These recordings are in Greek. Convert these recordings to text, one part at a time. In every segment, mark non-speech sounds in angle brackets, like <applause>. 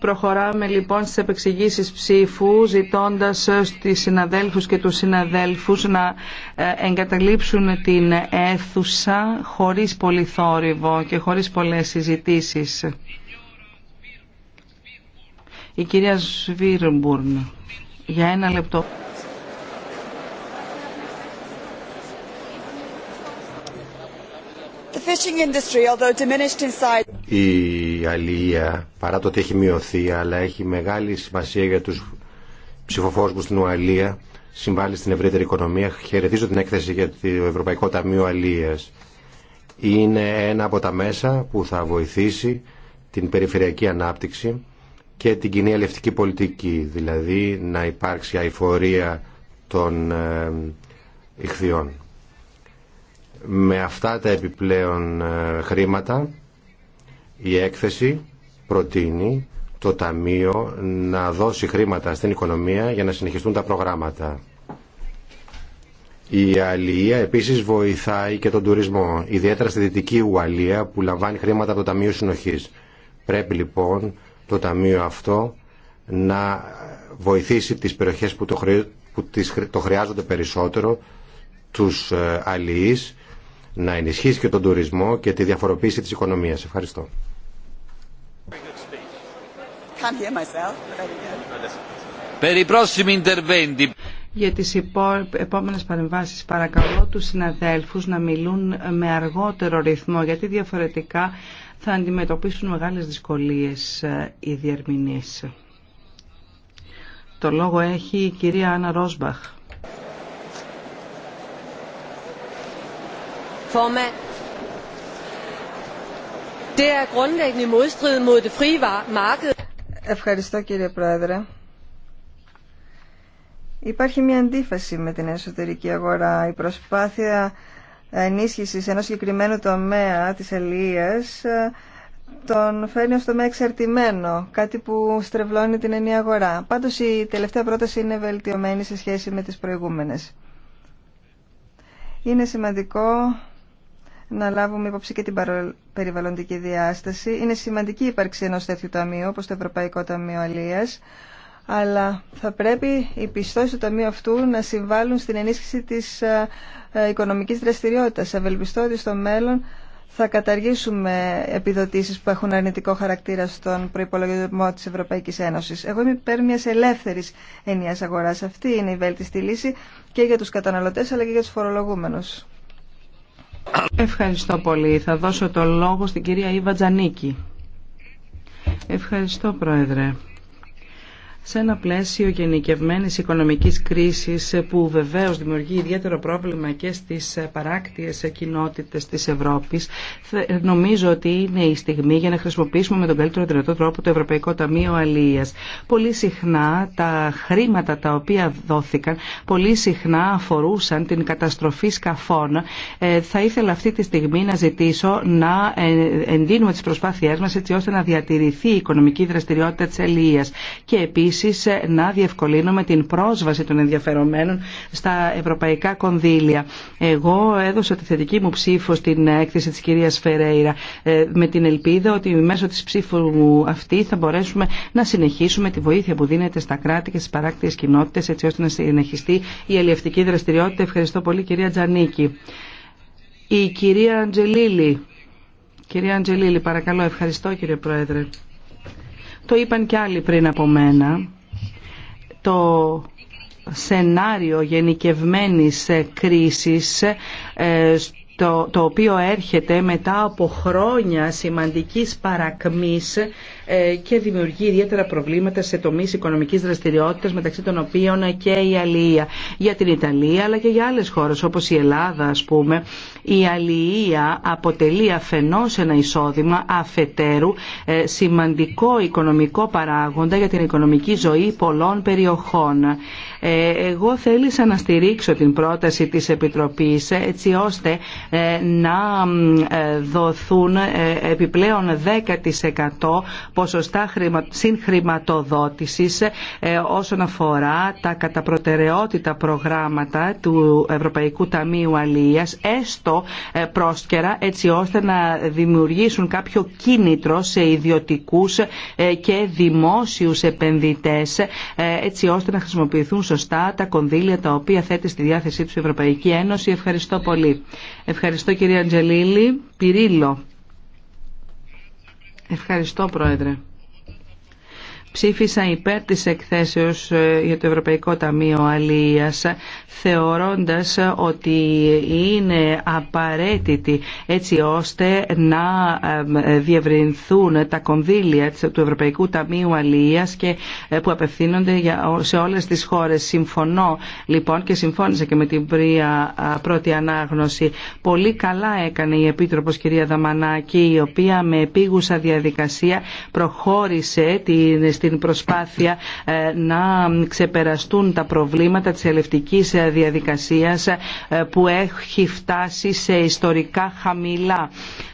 Προχωράμε λοιπόν στις επεξηγήσεις ψήφου ζητώντας στις συναδέλφους και τους συναδέλφους να ε, εγκαταλείψουν την αίθουσα χωρίς πολύ θόρυβο και χωρίς πολλές συζητήσεις. Η κυρία Σβίρμπουρν για ένα λεπτό. Η αλληλεία, παρά το ότι έχει μειωθεί, αλλά έχει μεγάλη σημασία για τους ψηφοφόρους στην Ουαλία, συμβάλλει στην ευρύτερη οικονομία. Χαιρετίζω την έκθεση για το Ευρωπαϊκό Ταμείο Αλίας. Είναι ένα από τα μέσα που θα βοηθήσει την περιφερειακή ανάπτυξη και την κοινή αλληλευτική πολιτική, δηλαδή να υπάρξει αηφορία των ε, ηχθειών με αυτά τα επιπλέον ε, χρήματα η έκθεση προτείνει το Ταμείο να δώσει χρήματα στην οικονομία για να συνεχιστούν τα προγράμματα. Η Αλία επίσης βοηθάει και τον τουρισμό, ιδιαίτερα στη Δυτική Ουαλία που λαμβάνει χρήματα από το Ταμείο Συνοχής. Πρέπει λοιπόν το Ταμείο αυτό να βοηθήσει τις περιοχές που το, χρειάζονται περισσότερο, τους ε, αλληλείς να ενισχύσει και τον τουρισμό και τη διαφοροποίηση της οικονομίας. Ευχαριστώ. Για τις υπό... επόμενες παρεμβάσεις παρακαλώ τους συναδέλφους να μιλούν με αργότερο ρυθμό γιατί διαφορετικά θα αντιμετωπίσουν μεγάλες δυσκολίες ε, οι διερμηνείς. Το λόγο έχει η κυρία Άννα Ρόσμπαχ. formand det er grundlæggende marked. Ευχαριστώ κύριε Πρόεδρε. Υπάρχει μια αντίφαση με την εσωτερική αγορά. Η προσπάθεια ενίσχυσης ενός συγκεκριμένου τομέα της ελίας ε, τον φέρνει ως τομέα εξαρτημένο, κάτι που στρεβλώνει την ενή αγορά. Πάντως η τελευταία πρόταση είναι βελτιωμένη σε σχέση με τις προηγούμενες. Είναι σημαντικό να λάβουμε υπόψη και την περιβαλλοντική διάσταση. Είναι σημαντική η ύπαρξη ενός τέτοιου ταμείου, όπως το Ευρωπαϊκό Ταμείο Αλίας, αλλά θα πρέπει οι πιστώσεις του ταμείου αυτού να συμβάλλουν στην ενίσχυση της ε, ε, οικονομικής δραστηριότητας. Ευελπιστώ ότι στο μέλλον θα καταργήσουμε επιδοτήσει που έχουν αρνητικό χαρακτήρα στον προπολογισμό τη Ευρωπαϊκή Ένωση. Εγώ είμαι υπέρ μια ελεύθερη ενιαία αγορά. Αυτή είναι η βέλτιστη λύση και για του καταναλωτέ, αλλά και για του φορολογούμενου. Ευχαριστώ πολύ. Θα δώσω το λόγο στην κυρία Ήβα Τζανίκη. Ευχαριστώ, Πρόεδρε σε ένα πλαίσιο γενικευμένης οικονομικής κρίσης που βεβαίως δημιουργεί ιδιαίτερο πρόβλημα και στις παράκτιες κοινότητες της Ευρώπης νομίζω ότι είναι η στιγμή για να χρησιμοποιήσουμε με τον καλύτερο δυνατό τρόπο το Ευρωπαϊκό Ταμείο Αλίας. Πολύ συχνά τα χρήματα τα οποία δόθηκαν πολύ συχνά αφορούσαν την καταστροφή σκαφών. Ε, θα ήθελα αυτή τη στιγμή να ζητήσω να ε, εντείνουμε τις προσπάθειές μας έτσι ώστε να διατηρηθεί η οικονομική δραστηριότητα της Αλίας και επίσης ε, να διευκολύνουμε την πρόσβαση των ενδιαφερομένων στα ευρωπαϊκά κονδύλια. Εγώ έδωσα τη θετική μου ψήφο στην έκθεση της κυρίας Φερέιρα ε, με την ελπίδα ότι μέσω της ψήφου αυτή θα μπορέσουμε να συνεχίσουμε τη βοήθεια που δίνεται στα κράτη και στις παράκτιες κοινότητες έτσι ώστε να συνεχιστεί η αλληλευτική δραστηριότητα. Ευχαριστώ πολύ κυρία Τζανίκη. Η κυρία Αντζελίλη. Κυρία Αντζελίλη, παρακαλώ, ευχαριστώ κύριε Πρόεδρε το είπαν και άλλοι πριν από μένα, το σενάριο γενικευμένης ε, κρίσης ε, το, το οποίο έρχεται μετά από χρόνια σημαντικής παρακμής ε, και δημιουργεί ιδιαίτερα προβλήματα σε τομείς οικονομικής δραστηριότητας μεταξύ των οποίων και η αλληλεία για την Ιταλία αλλά και για άλλες χώρες όπως η Ελλάδα α πούμε η αλληλεία αποτελεί αφενός ένα εισόδημα αφετέρου ε, σημαντικό οικονομικό παράγοντα για την οικονομική ζωή πολλών περιοχών. Ε, εγώ θέλησα να στηρίξω την πρόταση της Επιτροπής έτσι ώστε να δοθούν επιπλέον 10% ποσοστά συγχρηματοδότησης ε, όσον αφορά τα καταπροτεραιότητα προγράμματα του Ευρωπαϊκού Ταμείου Αλίας έστω ε, πρόσκαιρα έτσι ώστε να δημιουργήσουν κάποιο κίνητρο σε ιδιωτικούς ε, και δημόσιους επενδυτές έτσι ώστε να χρησιμοποιηθούν σωστά τα κονδύλια τα οποία θέτει στη διάθεσή του η Ευρωπαϊκή Ένωση. Ευχαριστώ πολύ. Ευχαριστώ κύριε Αντζελίλη. Πυρίλο. Ευχαριστώ, Πρόεδρε ψήφισα υπέρ της εκθέσεως ε, για το Ευρωπαϊκό Ταμείο Αλίας θεωρώντας ότι είναι απαραίτητη έτσι ώστε να ε, διευρυνθούν τα κονδύλια του Ευρωπαϊκού Ταμείου Αλίας και ε, που απευθύνονται σε όλες τις χώρες. Συμφωνώ λοιπόν και συμφώνησα και με την πρώτη ανάγνωση. Πολύ καλά έκανε η Επίτροπος κυρία Δαμανάκη η οποία με επίγουσα διαδικασία προχώρησε στην την προσπάθεια ε, να ξεπεραστούν τα προβλήματα της ελευτικής ε, διαδικασίας ε, που έχει φτάσει σε ιστορικά χαμηλά.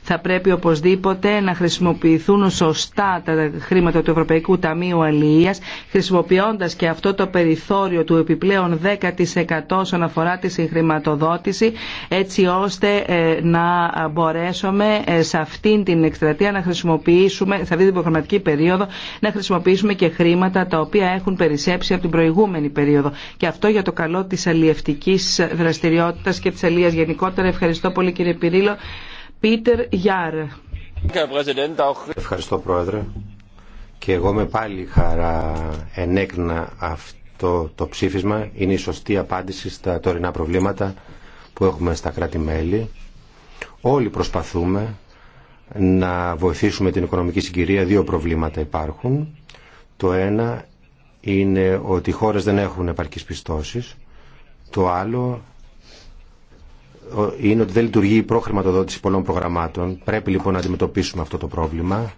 Θα πρέπει οπωσδήποτε να χρησιμοποιηθούν σωστά τα χρήματα του Ευρωπαϊκού Ταμείου Αλληλείας, χρησιμοποιώντας και αυτό το περιθώριο του επιπλέον 10% όσον αφορά τη συγχρηματοδότηση, έτσι ώστε ε, να μπορέσουμε ε, σε αυτήν την εκστρατεία να χρησιμοποιήσουμε, σε αυτή την προγραμματική περίοδο, να χρησιμοποιήσουμε και χρήματα τα οποία έχουν περισσέψει από την προηγούμενη περίοδο. Και αυτό για το καλό της αλλιευτικής δραστηριότητας και της αλλίας γενικότερα. Ευχαριστώ πολύ κύριε Πυρίλο. Πίτερ Ευχαριστώ Πρόεδρε. Και εγώ με πάλι χαρά ενέκνα αυτό το ψήφισμα. Είναι η σωστή απάντηση στα τωρινά προβλήματα που έχουμε στα κράτη-μέλη. Όλοι προσπαθούμε να βοηθήσουμε την οικονομική συγκυρία. Δύο προβλήματα υπάρχουν. Το ένα είναι ότι οι χώρες δεν έχουν επαρκείς πιστώσεις. Το άλλο είναι ότι δεν λειτουργεί η προχρηματοδότηση πολλών προγραμμάτων. Πρέπει λοιπόν να αντιμετωπίσουμε αυτό το πρόβλημα.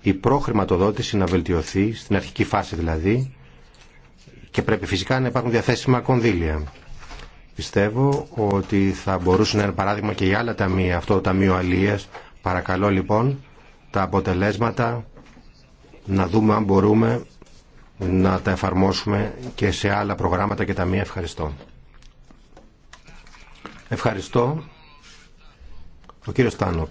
Η προχρηματοδότηση να βελτιωθεί, στην αρχική φάση δηλαδή, και πρέπει φυσικά να υπάρχουν διαθέσιμα κονδύλια. Πιστεύω ότι θα μπορούσε να είναι παράδειγμα και για άλλα ταμεία, αυτό το Ταμείο Αλίας. Παρακαλώ λοιπόν τα αποτελέσματα να δούμε αν μπορούμε να τα εφαρμόσουμε και σε άλλα προγράμματα και ταμεία. Ευχαριστώ. Ευχαριστώ. Ο κύριο Τάνοκ.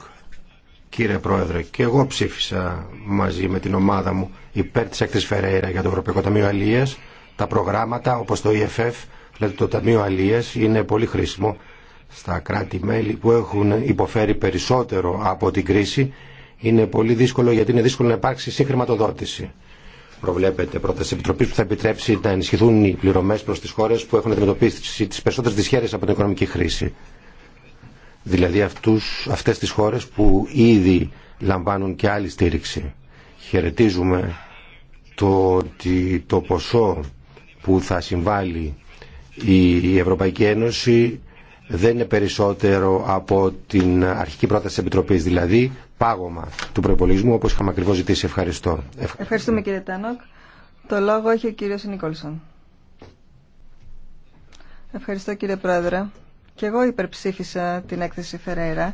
Κύριε Πρόεδρε, και εγώ ψήφισα μαζί με την ομάδα μου υπέρ της έκτης Φεραίρα για το Ευρωπαϊκό Ταμείο Αλίας. Τα προγράμματα όπως το EFF, δηλαδή το Ταμείο Αλίας, είναι πολύ χρήσιμο στα κράτη-μέλη που έχουν υποφέρει περισσότερο από την κρίση. Είναι πολύ δύσκολο γιατί είναι δύσκολο να υπάρξει συγχρηματοδότηση προβλέπεται πρόταση επιτροπή που θα επιτρέψει να ενισχυθούν οι πληρωμέ προ τι χώρε που έχουν αντιμετωπίσει τι περισσότερε δυσχέρειε από την οικονομική χρήση. Δηλαδή αυτέ τι χώρε που ήδη λαμβάνουν και άλλη στήριξη. Χαιρετίζουμε το ότι το ποσό που θα συμβάλλει η Ευρωπαϊκή Ένωση δεν είναι περισσότερο από την αρχική πρόταση της Επιτροπής, δηλαδή πάγωμα του προπολογισμού όπως είχαμε ακριβώς ζητήσει. Ευχαριστώ. Ευχαριστούμε κύριε Τάνοκ. Το λόγο έχει ο κύριος Νίκολσον. Ευχαριστώ κύριε Πρόεδρε. Και εγώ υπερψήφισα την έκθεση Φεραίρα.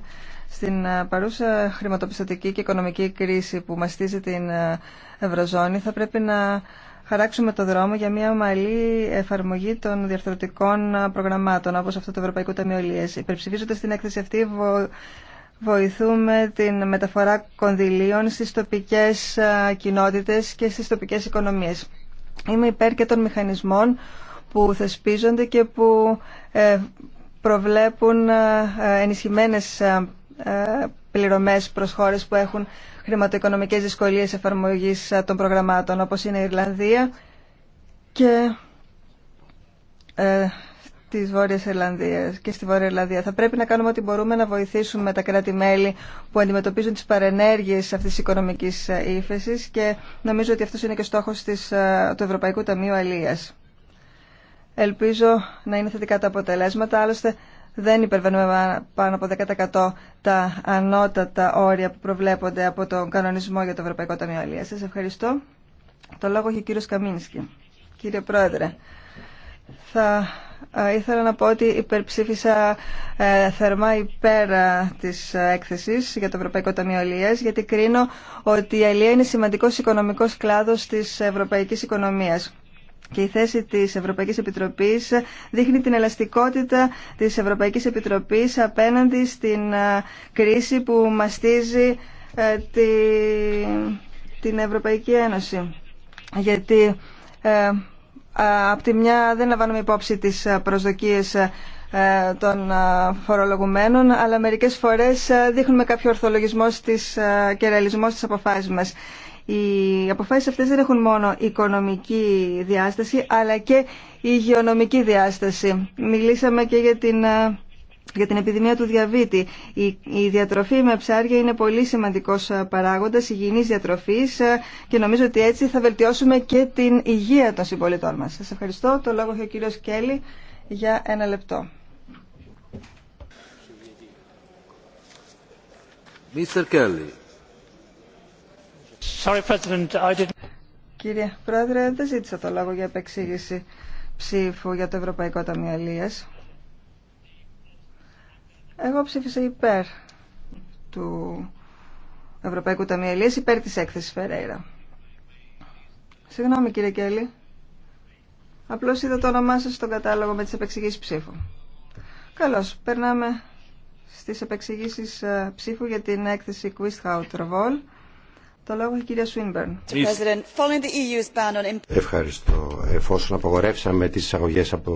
Στην παρούσα χρηματοπιστωτική και οικονομική κρίση που μαστίζει την Ευρωζώνη θα πρέπει να χαράξουμε το δρόμο για μια ομαλή εφαρμογή των διαρθρωτικών προγραμμάτων όπως αυτό το Ευρωπαϊκό Ταμείο Υπερψηφίζοντας την έκθεση αυτή βοηθούμε την μεταφορά κονδυλίων στις τοπικές ε, κοινότητες και στις τοπικές οικονομίες. Είμαι υπέρ και των μηχανισμών που θεσπίζονται και που ε, προβλέπουν ε, ενισχυμένες πληρωμές προς χώρες που έχουν χρηματοοικονομικές δυσκολίες εφαρμογής των προγραμμάτων, όπως είναι η Ιρλανδία και τη Βόρεια Ιρλανδία και στη Βόρεια Ιρλανδία. Θα πρέπει να κάνουμε ό,τι μπορούμε να βοηθήσουμε τα κράτη-μέλη που αντιμετωπίζουν τι παρενέργειε αυτή τη οικονομική ε, ύφεση και νομίζω ότι αυτό είναι και στόχο ε, του Ευρωπαϊκού Ταμείου Αλία. Ελπίζω να είναι θετικά τα αποτελέσματα. Άλλωστε, δεν υπερβαίνουμε πάνω από 10% τα ανώτατα όρια που προβλέπονται από τον κανονισμό για το Ευρωπαϊκό Ταμείο Αλία. Σα ευχαριστώ. Το λόγο έχει ο κύριο Καμίνσκι. Κύριε Πρόεδρε, θα ε, ήθελα να πω ότι υπερψήφισα ε, θερμά υπέρ ε, της έκθεσης για το Ευρωπαϊκό Ταμείο γιατί κρίνω ότι η Αλία είναι σημαντικός οικονομικός κλάδος της ευρωπαϊκής οικονομίας. Και η θέση της Ευρωπαϊκής Επιτροπής δείχνει την ελαστικότητα της Ευρωπαϊκής Επιτροπής απέναντι στην κρίση που μαστίζει την Ευρωπαϊκή Ένωση. Γιατί Απ' τη μια δεν λαμβάνουμε υπόψη τις προσδοκίες ε, των ε, φορολογουμένων, αλλά μερικές φορές ε, δείχνουμε κάποιο ορθολογισμό στις, και ρεαλισμό στις αποφάσεις μας. Οι αποφάσεις αυτές δεν έχουν μόνο οικονομική διάσταση, αλλά και υγειονομική διάσταση. Μιλήσαμε και για την για την επιδημία του διαβήτη. Η, διατροφή με ψάρια είναι πολύ σημαντικός παράγοντας υγιεινής διατροφής και νομίζω ότι έτσι θα βελτιώσουμε και την υγεία των συμπολιτών μας. Σας ευχαριστώ. Το λόγο έχει ο κύριος Κέλλη για ένα λεπτό. Mr. Kelly. Sorry, President, I Κύριε Πρόεδρε, δεν ζήτησα το λόγο για επεξήγηση ψήφου για το Ευρωπαϊκό Ταμείο εγώ ψήφισα υπέρ του Ευρωπαϊκού Ταμείου Ελίας, υπέρ της έκθεσης Φερέιρα. Συγγνώμη κύριε Κέλλη. Απλώς είδα το όνομά σας στον κατάλογο με τις επεξηγήσεις ψήφου. Καλώς, περνάμε στις επεξηγήσεις ε, ψήφου για την έκθεση Quisthout Revol. Το λόγο έχει η κυρία Σουίνμπερν. E Ευχαριστώ. Εφόσον απογορεύσαμε τις εισαγωγές από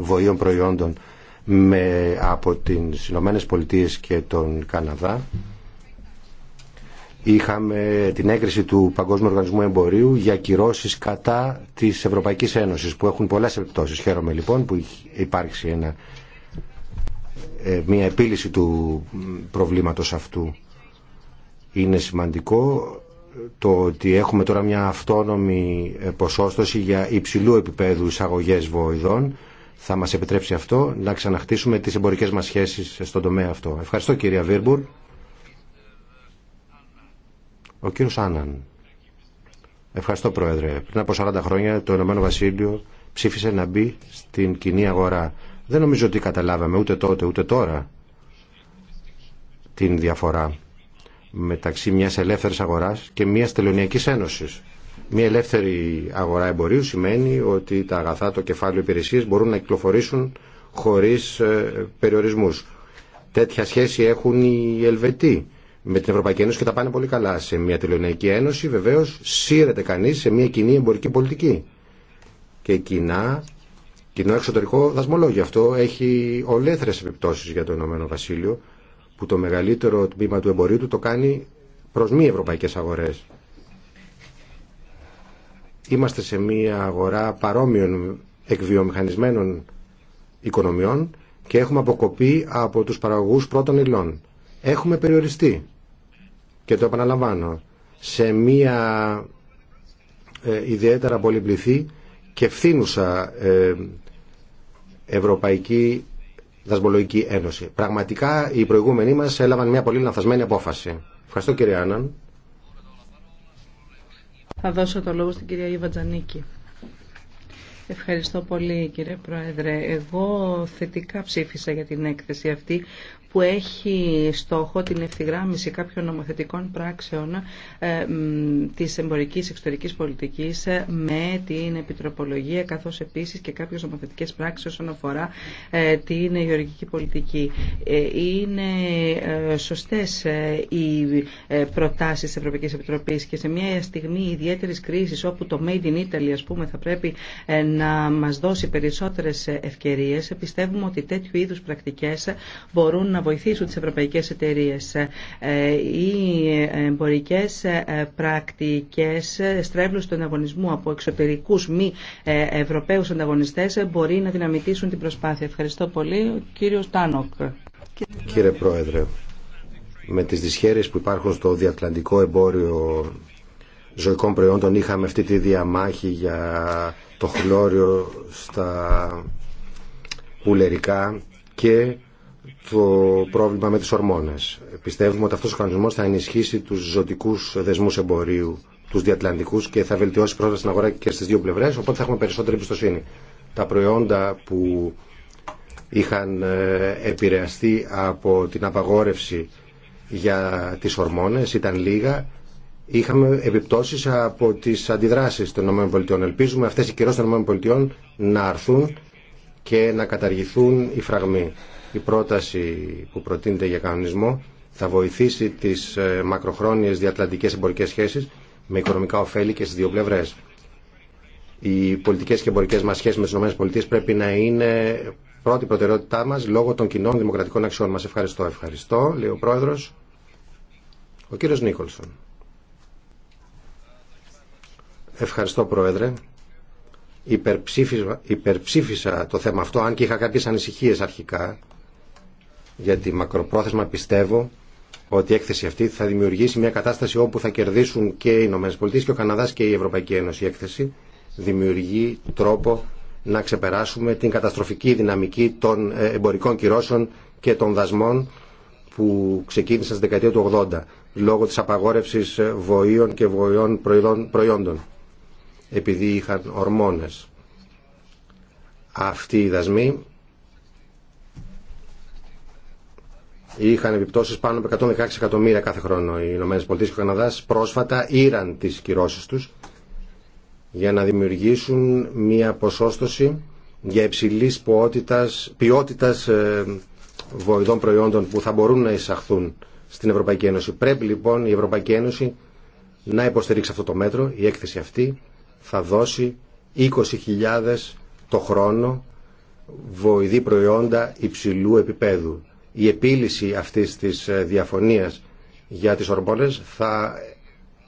βοήων προϊόντων με, από τις Ηνωμένε Πολιτείες και τον Καναδά είχαμε την έγκριση του Παγκόσμιου Οργανισμού Εμπορίου για κυρώσεις κατά της Ευρωπαϊκής Ένωσης που έχουν πολλές επιπτώσεις. Χαίρομαι λοιπόν που υπάρξει ένα, ε, μια επίλυση του προβλήματος αυτού. Είναι σημαντικό το ότι έχουμε τώρα μια αυτόνομη ε, ποσόστοση για υψηλού επίπεδου εισαγωγές βοηδών θα μας επιτρέψει αυτό να ξαναχτίσουμε τις εμπορικές μας σχέσεις στον τομέα αυτό. Ευχαριστώ κυρία Βίρμπουρ. Ο κύριος Άνναν. Ευχαριστώ Πρόεδρε. Πριν από 40 χρόνια το Ηνωμένο Βασίλειο ψήφισε να μπει στην κοινή αγορά. Δεν νομίζω ότι καταλάβαμε ούτε τότε ούτε τώρα την διαφορά μεταξύ μιας ελεύθερης αγοράς και μιας τελωνιακής ένωσης. Μια ελεύθερη αγορά εμπορίου σημαίνει ότι τα αγαθά, το κεφάλαιο υπηρεσίες μπορούν να κυκλοφορήσουν χωρίς ε, περιορισμούς. Τέτοια σχέση έχουν οι Ελβετοί με την Ευρωπαϊκή Ένωση και τα πάνε πολύ καλά. Σε μια τηλεοναϊκή ένωση βεβαίως σύρεται κανείς σε μια κοινή εμπορική πολιτική και κοινά, κοινό εξωτερικό δασμολόγιο. Αυτό έχει ολέθρες επιπτώσεις για το Ηνωμένο Βασίλειο που το μεγαλύτερο τμήμα του εμπορίου του το κάνει προς μη ευρωπαϊκές αγορές. Είμαστε σε μια αγορά παρόμοιων εκβιομηχανισμένων οικονομιών και έχουμε αποκοπεί από τους παραγωγούς πρώτων υλών. Έχουμε περιοριστεί, και το επαναλαμβάνω, σε μια ε, ιδιαίτερα πολυπληθή και φθήνουσα ε, Ευρωπαϊκή Δασμολογική Ένωση. Πραγματικά οι προηγούμενοι μας έλαβαν μια πολύ λανθασμένη απόφαση. Ευχαριστώ κύριε Άννα. Θα δώσω το λόγο στην κυρία Ήβα Ευχαριστώ πολύ κύριε Πρόεδρε. Εγώ θετικά ψήφισα για την έκθεση αυτή που έχει στόχο την ευθυγράμμιση κάποιων νομοθετικών πράξεων ε, της εμπορικής εξωτερικής πολιτικής ε, με την επιτροπολογία καθώς επίσης και κάποιες νομοθετικές πράξεις όσον αφορά ε, την γεωργική πολιτική. Είναι σωστές οι προτάσεις της Ευρωπαϊκής Επιτροπής και σε μια στιγμή ιδιαίτερης κρίσης όπου το Made in Italy ας πούμε θα πρέπει να μας δώσει περισσότερες ευκαιρίες πιστεύουμε ότι τέτοιου είδους πρακτικές μπορούν να να βοηθήσουν τις ευρωπαϊκές εταιρείες. Ε, οι εμπορικές ε, πρακτικές ε, στρέβλους του ανταγωνισμού από εξωτερικούς μη ευρωπαίους ανταγωνιστές μπορεί να δυναμητήσουν την προσπάθεια. Ευχαριστώ πολύ. Κύριο Τάνοκ. Κύριε Πρόεδρε, με τις δυσχέρειες που υπάρχουν στο διατλαντικό εμπόριο ζωικών προϊόντων είχαμε αυτή τη διαμάχη για το χλώριο στα πουλερικά και το πρόβλημα με τις ορμόνες. Πιστεύουμε ότι αυτός ο κανονισμός θα ενισχύσει τους ζωτικούς δεσμούς εμπορίου, τους διατλαντικούς και θα βελτιώσει πρόσβαση στην αγορά και στις δύο πλευρές, οπότε θα έχουμε περισσότερη εμπιστοσύνη. Τα προϊόντα που είχαν ε, επηρεαστεί από την απαγόρευση για τις ορμόνες ήταν λίγα. Είχαμε επιπτώσεις από τις αντιδράσεις των ΗΠΑ. Ελπίζουμε αυτές οι κυρώσεις των ΗΠΑ να αρθούν και να καταργηθούν οι φραγμοί η πρόταση που προτείνεται για κανονισμό θα βοηθήσει τις ε, μακροχρόνιες διατλαντικές εμπορικές σχέσεις με οικονομικά ωφέλη και στις δύο πλευρές. Οι πολιτικές και εμπορικές μας σχέσεις με τις ΗΠΑ πρέπει να είναι πρώτη προτεραιότητά μας λόγω των κοινών δημοκρατικών αξιών μας. Ευχαριστώ, ευχαριστώ, λέει ο Πρόεδρος, ο κύριος Νίκολσον. Ευχαριστώ, Πρόεδρε. Υπερψήφισα, υπερψήφισα το θέμα αυτό, αν και είχα κάποιες ανησυχίες αρχικά γιατί μακροπρόθεσμα πιστεύω ότι η έκθεση αυτή θα δημιουργήσει μια κατάσταση όπου θα κερδίσουν και οι Ηνωμένε και ο Καναδά και η Ευρωπαϊκή Ένωση. Η έκθεση δημιουργεί τρόπο να ξεπεράσουμε την καταστροφική δυναμική των ε, εμπορικών κυρώσεων και των δασμών που ξεκίνησαν στη δεκαετία του 80 λόγω της απαγόρευσης ε, βοήων και βοηών προϊόντων επειδή είχαν ορμόνες. Αυτοί οι δασμοί είχαν επιπτώσεις πάνω από 116 εκατομμύρια κάθε χρόνο. Οι ΗΠΑ και ο Καναδάς πρόσφατα ήραν τις κυρώσεις τους για να δημιουργήσουν μια ποσόστοση για υψηλής ποιότητας, ποιότητας ε, βοηδών προϊόντων που θα μπορούν να εισαχθούν στην Ευρωπαϊκή Ένωση. Πρέπει λοιπόν η Ευρωπαϊκή Ένωση να υποστηρίξει αυτό το μέτρο. Η έκθεση αυτή θα δώσει 20.000 το χρόνο βοηδή προϊόντα υψηλού επίπεδου η επίλυση αυτής της ε, διαφωνίας για τις ορμόνες θα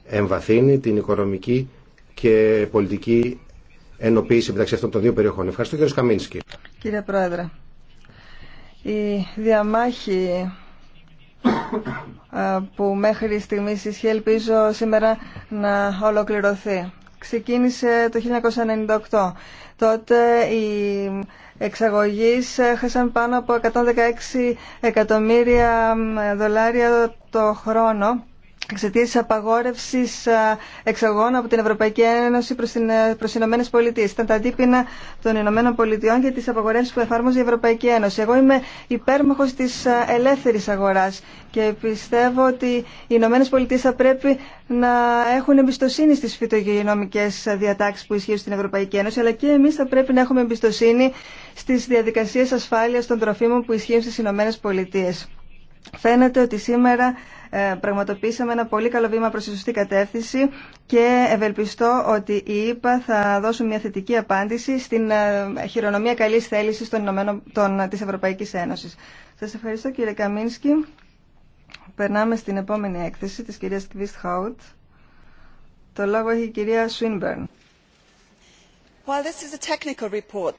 εμβαθύνει την οικονομική και πολιτική ενοποίηση μεταξύ αυτών των δύο περιοχών. Ευχαριστώ κύριε Σκαμίνσκι. Κύριε Πρόεδρε, η διαμάχη ε, που μέχρι στιγμής ισχύει ελπίζω σήμερα να ολοκληρωθεί. Ξεκίνησε το 1998. Τότε η εξαγωγής έχασαν ε, πάνω από 116 εκατομμύρια ε, δολάρια το χρόνο εξαιτία τη απαγόρευση ε, εξαγών από την Ευρωπαϊκή Ένωση προ ε, τι Ηνωμένε Πολιτείε. Ήταν τα αντίπεινα των Ηνωμένων Πολιτειών για τι απαγορεύσει που εφάρμοζε η Ευρωπαϊκή Ένωση. Εγώ είμαι υπέρμαχο τη ε, ελεύθερη αγορά και πιστεύω ότι οι Ηνωμένε Πολιτείε θα πρέπει να έχουν εμπιστοσύνη στι φυτογενομικέ διατάξει που ισχύουν στην Ευρωπαϊκή Ένωση, αλλά και εμεί θα πρέπει να έχουμε εμπιστοσύνη στι διαδικασίε ασφάλεια των τροφίμων που ισχύουν στι Ηνωμένε Πολιτείε. Φαίνεται ότι σήμερα ε, πραγματοποίησαμε ένα πολύ καλό βήμα προς τη σωστή κατεύθυνση και ευελπιστώ ότι η ΕΠΑ θα δώσουν μια θετική απάντηση στην ε, χειρονομία καλής θέλησης των Ηνωμένων, των, της Ευρωπαϊκής Ένωσης. Σας ευχαριστώ κύριε Καμίνσκι. Περνάμε στην επόμενη έκθεση της κυρίας Κβίστ Χαουτ. Το λόγο έχει η κυρία Σουίνμπερν.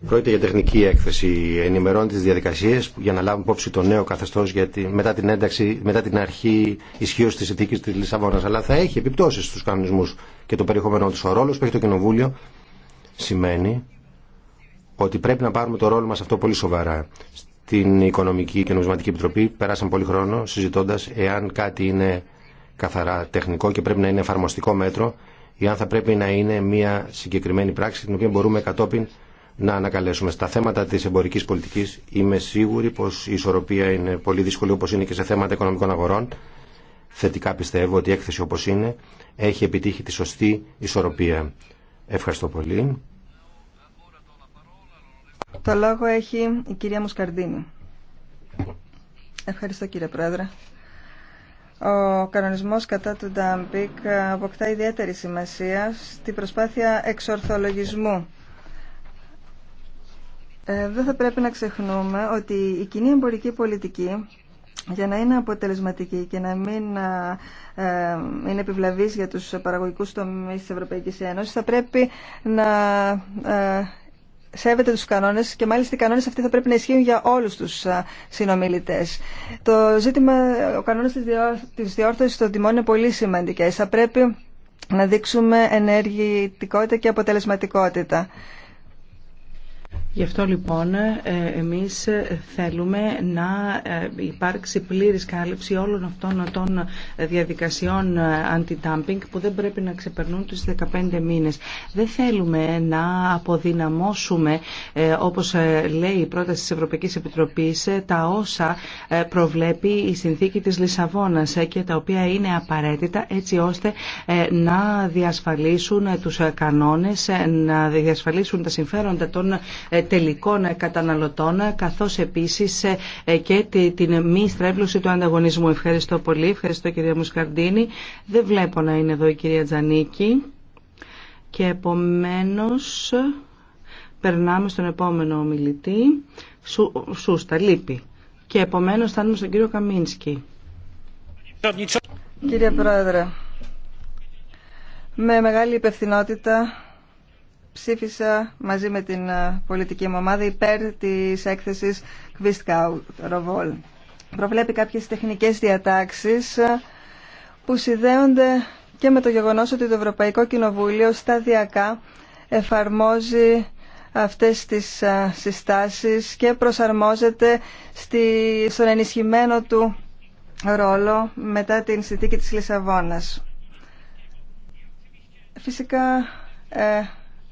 Πρόκειται για τεχνική έκθεση. Ενημερώνει τι διαδικασίε για να λάβουν υπόψη το νέο γιατί μετά την ένταξη, μετά την αρχή ισχύω της συνθήκη της Λισαβόνας Αλλά θα έχει επιπτώσεις στους κανονισμούς και το περιεχόμενό του. Ο ρόλος που έχει το Κοινοβούλιο σημαίνει ότι πρέπει να πάρουμε το ρόλο μας αυτό πολύ σοβαρά. Στην Οικονομική και Νομισματική Επιτροπή περάσαμε πολύ χρόνο συζητώντας εάν κάτι είναι καθαρά τεχνικό και πρέπει να είναι εφαρμοστικό μέτρο ή αν θα πρέπει να είναι μια συγκεκριμένη πράξη την οποία μπορούμε κατόπιν να ανακαλέσουμε. Στα θέματα τη εμπορική πολιτική είμαι σίγουρη πω η ισορροπία είναι πολύ δύσκολη όπω είναι και σε θέματα οικονομικών αγορών. Θετικά πιστεύω ότι η έκθεση όπω είναι έχει επιτύχει τη σωστή ισορροπία. Ευχαριστώ πολύ. Το λόγο έχει η κυρία Μουσκαρδίνη. Ευχαριστώ κύριε Πρόεδρε. Ο κανονισμός κατά του Ντάμπικ ε, αποκτά ιδιαίτερη σημασία στη προσπάθεια εξορθολογισμού. Ε, δεν θα πρέπει να ξεχνούμε ότι η κοινή εμπορική πολιτική για να είναι αποτελεσματική και να μην ε, είναι επιβλαβής για τους παραγωγικούς τομείς της Ευρωπαϊκής Ένωσης θα πρέπει να σέβεται τους κανόνες και μάλιστα οι κανόνες αυτοί θα πρέπει να ισχύουν για όλους τους συνομιλητές. Το ζήτημα, ο κανόνας της διόρθωσης των τιμών είναι πολύ σημαντικές. Θα πρέπει να δείξουμε ενεργητικότητα και αποτελεσματικότητα. Γι' αυτό λοιπόν ε, εμείς θέλουμε να ε, υπάρξει πλήρης κάλυψη όλων αυτών των διαδικασιών ε, αντι-dumping που δεν πρέπει να ξεπερνούν τους 15 μήνες. Δεν θέλουμε να αποδυναμώσουμε όπως λέει η πρόταση της Ευρωπαϊκής Επιτροπής τα όσα προβλέπει η συνθήκη της Λισαβόνας και τα οποία είναι απαραίτητα έτσι ώστε να διασφαλίσουν τους κανόνες, να διασφαλίσουν τα συμφέροντα των τελικών καταναλωτών καθώς επίσης ε, ε, και την μη στρέβλωση του ανταγωνισμού. Ευχαριστώ πολύ. Ευχαριστώ κυρία Μουσκαρντίνη. Δεν βλέπω να είναι εδώ η κυρία Τζανίκη και επομένως περνάμε στον επόμενο ομιλητή. Σου, σούστα, λείπει. Και επομένως φτάνουμε στον κύριο Καμίνσκι. Κύριε Πρόεδρε, με μεγάλη υπευθυνότητα ψήφισα μαζί με την ε, πολιτική μου ομάδα υπέρ της έκθεσης Κβίστκαου Ροβόλ. Προβλέπει κάποιες τεχνικές διατάξεις ε, που συνδέονται και με το γεγονός ότι το Ευρωπαϊκό Κοινοβούλιο σταδιακά εφαρμόζει αυτές τις ε, συστάσεις και προσαρμόζεται στη, στον ενισχυμένο του ρόλο μετά την συνθήκη της Λισαβόνας. Φυσικά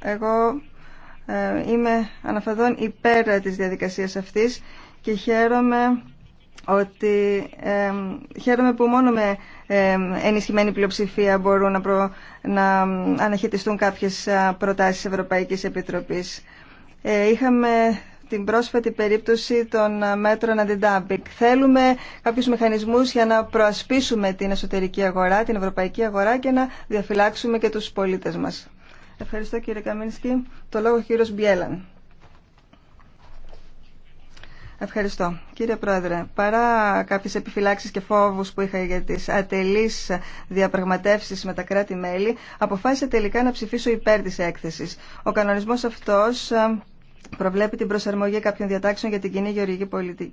εγώ ε, είμαι αναφεδόν υπέρ ε, της διαδικασίας αυτής και χαίρομαι ότι ε, χαίρομαι που μόνο με ε, ενισχυμένη πλειοψηφία μπορούν να, προ, να αναχαιτιστούν κάποιες προτάσεις Ευρωπαϊκής Επιτροπής. είχαμε την πρόσφατη περίπτωση των μέτρων αντιντάμπικ. Θέλουμε κάποιους μηχανισμούς για να προασπίσουμε την εσωτερική αγορά, την ευρωπαϊκή αγορά και να διαφυλάξουμε και τους πολίτες μας. Ευχαριστώ κύριε Καμίνσκι. Το λόγο ο κύριος Μπιέλαν. Ευχαριστώ. Κύριε Πρόεδρε, παρά κάποιες επιφυλάξεις και φόβους που είχα για τις ατελείς διαπραγματεύσεις με τα κράτη-μέλη, αποφάσισα τελικά να ψηφίσω υπέρ της έκθεσης. Ο κανονισμός αυτός προβλέπει την προσαρμογή κάποιων διατάξεων για την κοινή,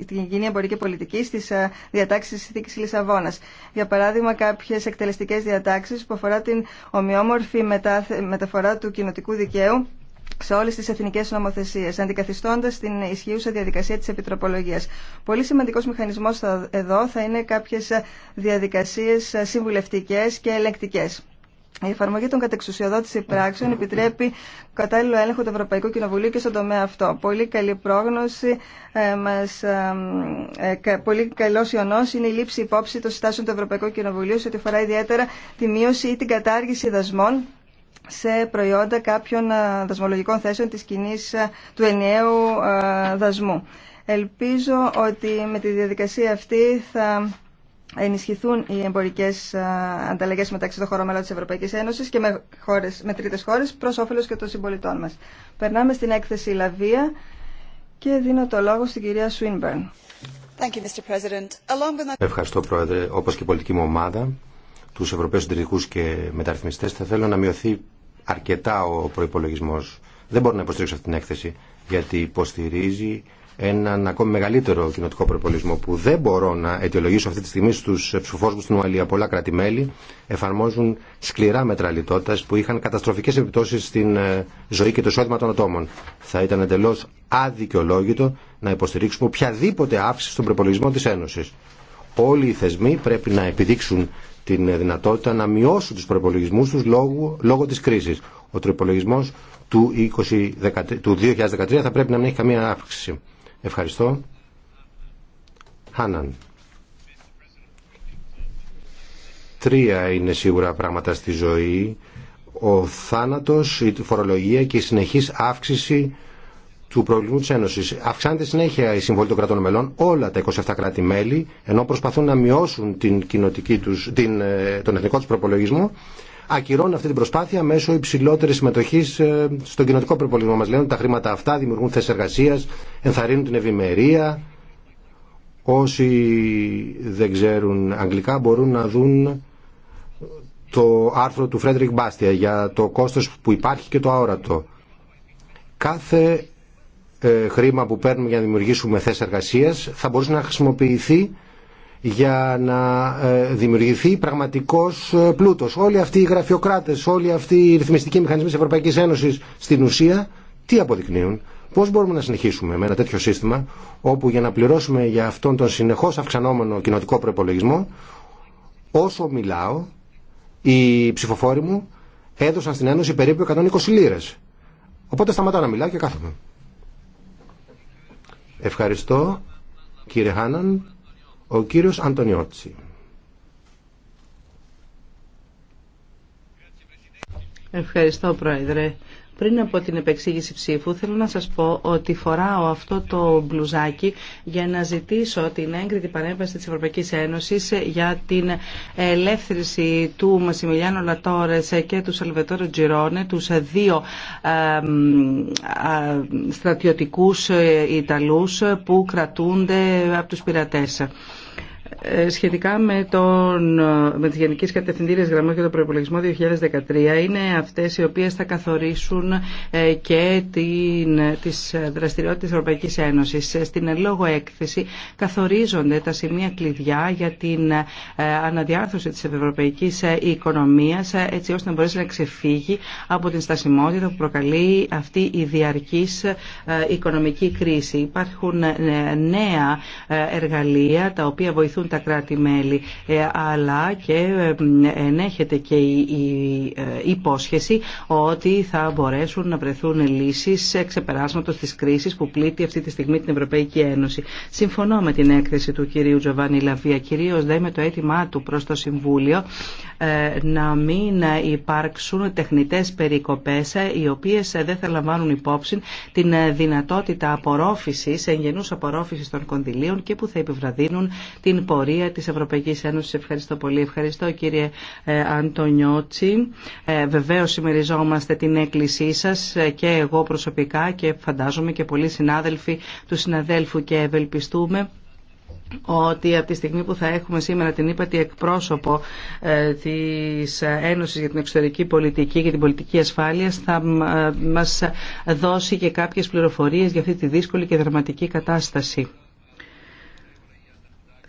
την κοινή εμπορική πολιτική στι ε, διατάξει τη συνθήκη Λισαβόνα. Για παράδειγμα, κάποιε εκτελεστικέ διατάξει που αφορά την ομοιόμορφη μεταφορά του κοινοτικού δικαίου σε όλε τι εθνικέ νομοθεσίε, αντικαθιστώντα την ισχύουσα διαδικασία τη επιτροπολογία. Πολύ σημαντικό μηχανισμό εδώ θα είναι κάποιε διαδικασίε συμβουλευτικέ και ελεκτικέ. Η εφαρμογή των κατεξουσιοδότηση πράξεων επιτρέπει κατάλληλο έλεγχο του Ευρωπαϊκού Κοινοβουλίου και στον τομέα αυτό. Πολύ καλή πρόγνωση, ε, ε, ε, πολύ καλό ιονό είναι η λήψη υπόψη των συστάσεων του Ευρωπαϊκού Κοινοβουλίου σε ό,τι αφορά ιδιαίτερα τη μείωση ή την κατάργηση δασμών σε προϊόντα κάποιων δασμολογικών θέσεων της κοινής του ενιαίου δασμού. Ελπίζω ότι με τη διαδικασία αυτή θα ενισχυθούν οι εμπορικέ ε, ανταλλαγέ μεταξύ των χωρών μελών τη Ευρωπαϊκή Ένωση και με, χώρες, με τρίτε χώρε προ όφελο και των συμπολιτών μα. Περνάμε στην έκθεση Λαβία και δίνω το λόγο στην κυρία Σουίνμπερν. Ευχαριστώ, Πρόεδρε. Όπω και η πολιτική μου ομάδα, του Ευρωπαίου Συντηρητικού και Μεταρρυθμιστέ, θα θέλω να μειωθεί αρκετά ο προπολογισμό. Δεν μπορώ να υποστηρίξω αυτή την έκθεση, γιατί υποστηρίζει έναν ακόμη μεγαλύτερο κοινοτικό προπολισμό που δεν μπορώ να αιτιολογήσω αυτή τη στιγμή στους ψηφοφόρους μου στην Ουαλία. Πολλά κράτη-μέλη εφαρμόζουν σκληρά μέτρα λιτότητας που είχαν καταστροφικές επιπτώσεις στην ε, ζωή και το εισόδημα των ατόμων. Θα ήταν εντελώς αδικαιολόγητο να υποστηρίξουμε οποιαδήποτε αύξηση στον προπολογισμό της Ένωσης. Όλοι οι θεσμοί πρέπει να επιδείξουν την δυνατότητα να μειώσουν του προπολογισμού τους λόγω, λόγω της κρίσης. Ο προπολογισμό του 2013 θα πρέπει να μην έχει καμία αύξηση. Ευχαριστώ. Χάναν. Τρία είναι σίγουρα πράγματα στη ζωή. Ο θάνατος, η φορολογία και η συνεχής αύξηση του προβλημού της Ένωση. Αυξάνεται συνέχεια η συμβολή των κρατών μελών, όλα τα 27 κράτη-μέλη, ενώ προσπαθούν να μειώσουν την τους, την, ε, τον εθνικό τους προπολογισμό ακυρώνουν αυτή την προσπάθεια μέσω υψηλότερη συμμετοχή ε, στον κοινοτικό προπολογισμό μα. Λένε ότι τα χρήματα αυτά δημιουργούν θέσει εργασία, ενθαρρύνουν την ευημερία. Όσοι δεν ξέρουν αγγλικά μπορούν να δουν το άρθρο του Φρέντρικ Μπάστια για το κόστος που υπάρχει και το αόρατο. Κάθε ε, χρήμα που παίρνουμε για να δημιουργήσουμε θέσεις εργασίας θα μπορούσε να χρησιμοποιηθεί για να ε, δημιουργηθεί πραγματικός ε, πλούτος. Όλοι αυτοί οι γραφειοκράτες, όλοι αυτοί οι ρυθμιστικοί μηχανισμοί της Ευρωπαϊκής Ένωσης στην ουσία τι αποδεικνύουν. Πώ μπορούμε να συνεχίσουμε με ένα τέτοιο σύστημα όπου για να πληρώσουμε για αυτόν τον συνεχώ αυξανόμενο κοινοτικό προπολογισμό, όσο μιλάω, οι ψηφοφόροι μου έδωσαν στην Ένωση περίπου 120 λίρε. Οπότε σταματάω να μιλάω και κάθομαι. Ευχαριστώ κύριε Χάναν. Ο κύριος Αντωνιώτση. Ευχαριστώ Πρόεδρε. Πριν από την επεξήγηση ψήφου θέλω να σας πω ότι φοράω αυτό το μπλουζάκι για να ζητήσω την έγκριτη παρέμβαση της Ευρωπαϊκής Ένωσης για την ελεύθερηση του Μασιμιλιάνο Λατόρες και του Σαλβετόρο Τζιρόνε, τους δύο στρατιωτικούς ε, Ιταλούς που κρατούνται από τους πειρατές. Ε, σχετικά με, τον, με τις Γενικές Κατευθυντήριες Γραμμές και τον Προϋπολογισμό 2013 είναι αυτές οι οποίες θα καθορίσουν ε, και την, τις δραστηριότητες της Ευρωπαϊκής Ένωσης. Ε, στην λόγω έκθεση καθορίζονται τα σημεία κλειδιά για την αναδιάρθρωση της ευρωπαϊκής οικονομίας έτσι ώστε να μπορέσει να ξεφύγει από την στασιμότητα που προκαλεί αυτή η διαρκής οικονομική κρίση. Υπάρχουν νέα εργαλεία τα οποία βοηθούν ακολουθούν τα κράτη-μέλη ε, αλλά και ε, ενέχεται και η ε, υπόσχεση ότι θα μπορέσουν να βρεθούν λύσεις ξεπεράσματος της κρίσης που πλήττει αυτή τη στιγμή την Ευρωπαϊκή Ένωση. Συμφωνώ με την έκθεση του κυρίου Τζοβάνι Λαβία, κυρίως δε με το αίτημά του προς το Συμβούλιο να μην υπάρξουν τεχνητές περικοπές οι οποίες δεν θα λαμβάνουν υπόψη την δυνατότητα απορρόφησης, εγγενούς απορρόφησης των κονδυλίων και που θα επιβραδύνουν την πορεία της Ευρωπαϊκής Ένωσης. Ευχαριστώ πολύ. Ευχαριστώ κύριε ε, Αντωνιώτσι. Ε, βεβαίως συμμεριζόμαστε την έκκλησή σας ε, και εγώ προσωπικά και φαντάζομαι και πολλοί συνάδελφοι του συναδέλφου και ευελπιστούμε ότι από τη στιγμή που θα έχουμε σήμερα την ύπατη εκπρόσωπο της Ένωσης για την Εξωτερική Πολιτική και την Πολιτική Ασφάλειας θα μας δώσει και κάποιες πληροφορίες για αυτή τη δύσκολη και δραματική κατάσταση.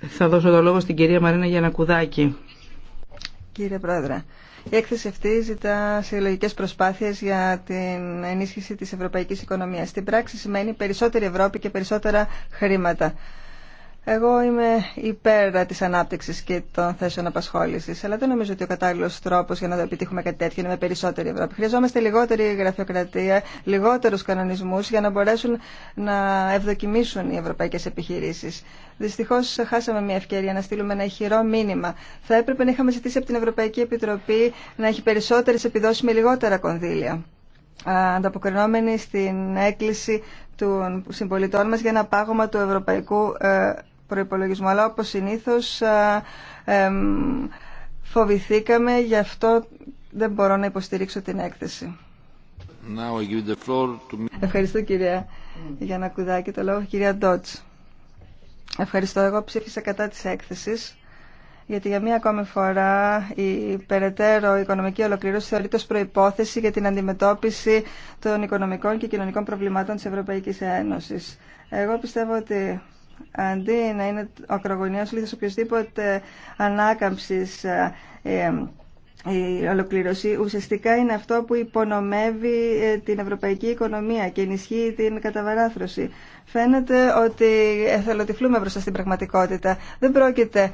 Θα δώσω το λόγο στην κυρία Μαρίνα Γιανακουδάκη. Κύριε Πρόεδρε, η έκθεση αυτή ζητά συλλογικέ προσπάθειε για την ενίσχυση τη ευρωπαϊκή οικονομία. Στην πράξη σημαίνει περισσότερη Ευρώπη και περισσότερα χρήματα. Εγώ είμαι υπέρ τη ανάπτυξη και των θέσεων απασχόληση, αλλά δεν νομίζω ότι ο κατάλληλο τρόπο για να το επιτύχουμε κάτι τέτοιο είναι με περισσότερη Ευρώπη. Χρειαζόμαστε λιγότερη γραφειοκρατία, λιγότερου κανονισμού για να μπορέσουν να ευδοκιμήσουν οι ευρωπαϊκέ επιχειρήσει. Δυστυχώ χάσαμε μια ευκαιρία να στείλουμε ένα ηχηρό μήνυμα. Θα έπρεπε να είχαμε ζητήσει από την Ευρωπαϊκή Επιτροπή να έχει περισσότερε επιδόσει με λιγότερα κονδύλια ανταποκρινόμενοι στην έκκληση των συμπολιτών μα για ένα πάγωμα του ευρωπαϊκού ε, προϋπολογισμό. Αλλά όπως συνήθως φοβηθήκαμε, γι' αυτό δεν μπορώ να υποστηρίξω την έκθεση. Ευχαριστώ κυρία Γιάννα Κουδάκη. Το λόγο κυρία Ντότς. Ευχαριστώ. Εγώ ψήφισα κατά της έκθεσης γιατί για μία ακόμη φορά η περαιτέρω οικονομική ολοκλήρωση θεωρείται ως προϋπόθεση για την αντιμετώπιση των οικονομικών και κοινωνικών προβλημάτων της Ευρωπαϊκής Ένωσης. Εγώ πιστεύω ότι αντί να είναι ο ακρογωνιός λίθος οποιοδήποτε ανάκαμψης ε, ε, η ολοκλήρωση ουσιαστικά είναι αυτό που υπονομεύει ε, την ευρωπαϊκή οικονομία και ενισχύει την καταβαράθρωση. Φαίνεται ότι εθελοτυφλούμε μπροστά στην πραγματικότητα. Δεν πρόκειται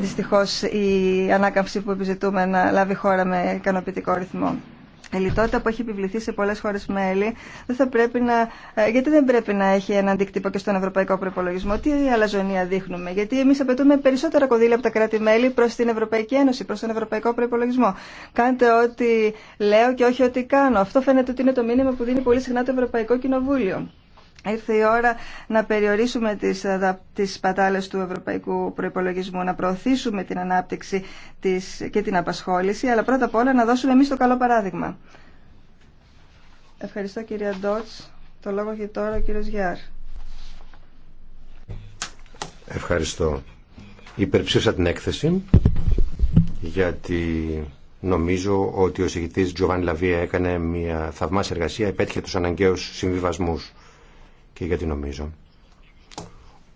δυστυχώς η ανάκαμψη που επιζητούμε να λάβει χώρα με ικανοποιητικό ρυθμό. Η λιτότητα που έχει επιβληθεί σε πολλέ χώρε μέλη δεν θα πρέπει να. Ε, γιατί δεν πρέπει να έχει ένα αντίκτυπο και στον ευρωπαϊκό προπολογισμό. Τι αλαζονία δείχνουμε. Γιατί εμεί απαιτούμε περισσότερα κονδύλια από τα κράτη-μέλη προ την Ευρωπαϊκή Ένωση, προ τον ευρωπαϊκό προπολογισμό. Κάντε ό,τι λέω και όχι ό,τι κάνω. Αυτό φαίνεται ότι είναι το μήνυμα που δίνει πολύ συχνά το Ευρωπαϊκό Κοινοβούλιο. Ήρθε η ώρα να περιορίσουμε τις, ε, τις πατάλες του ευρωπαϊκού προϋπολογισμού, να προωθήσουμε την ανάπτυξη της, και την απασχόληση, αλλά πρώτα απ' όλα να δώσουμε εμείς το καλό παράδειγμα. Ευχαριστώ κυρία Ντότς. Το λόγο έχει τώρα ο κύριος Γιάρ. Ευχαριστώ. Υπερψήφισα την έκθεση γιατί νομίζω ότι ο συγητής Τζοβάν Λαβία έκανε μια θαυμάσια εργασία, επέτυχε τους αναγκαίους συμβιβασμούς και γιατί νομίζω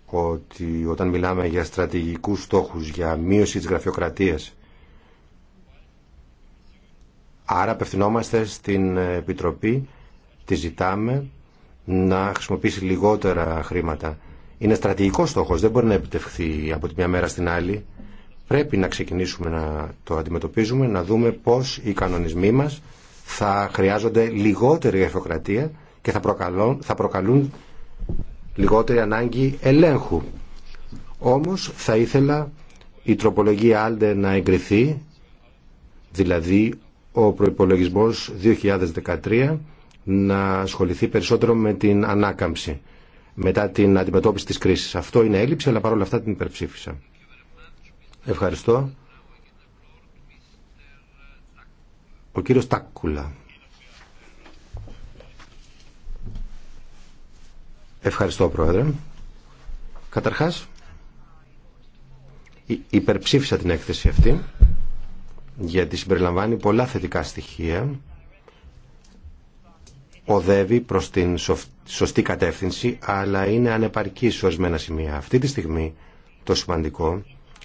ότι όταν μιλάμε για στρατηγικούς στόχους, για μείωση της γραφειοκρατίας, άρα απευθυνόμαστε στην Επιτροπή, τη ζητάμε να χρησιμοποιήσει λιγότερα χρήματα. Είναι στρατηγικός στόχος, δεν μπορεί να επιτευχθεί από τη μια μέρα στην άλλη. Πρέπει να ξεκινήσουμε να το αντιμετωπίζουμε, να δούμε πώς οι κανονισμοί μας θα χρειάζονται λιγότερη γραφειοκρατία και θα προκαλούν, θα προκαλούν λιγότερη ανάγκη ελέγχου. Όμως θα ήθελα η τροπολογία Άλντε να εγκριθεί, δηλαδή ο προϋπολογισμός 2013 να ασχοληθεί περισσότερο με την ανάκαμψη μετά την αντιμετώπιση της κρίσης. Αυτό είναι έλλειψη, αλλά παρόλα αυτά την υπερψήφισα. Ευχαριστώ. Ο κύριος Τάκουλα. Ευχαριστώ, Πρόεδρε. Καταρχάς, υπερψήφισα την έκθεση αυτή γιατί συμπεριλαμβάνει πολλά θετικά στοιχεία οδεύει προς την σωστή κατεύθυνση αλλά είναι ανεπαρκή σε ορισμένα σημεία. Αυτή τη στιγμή το σημαντικό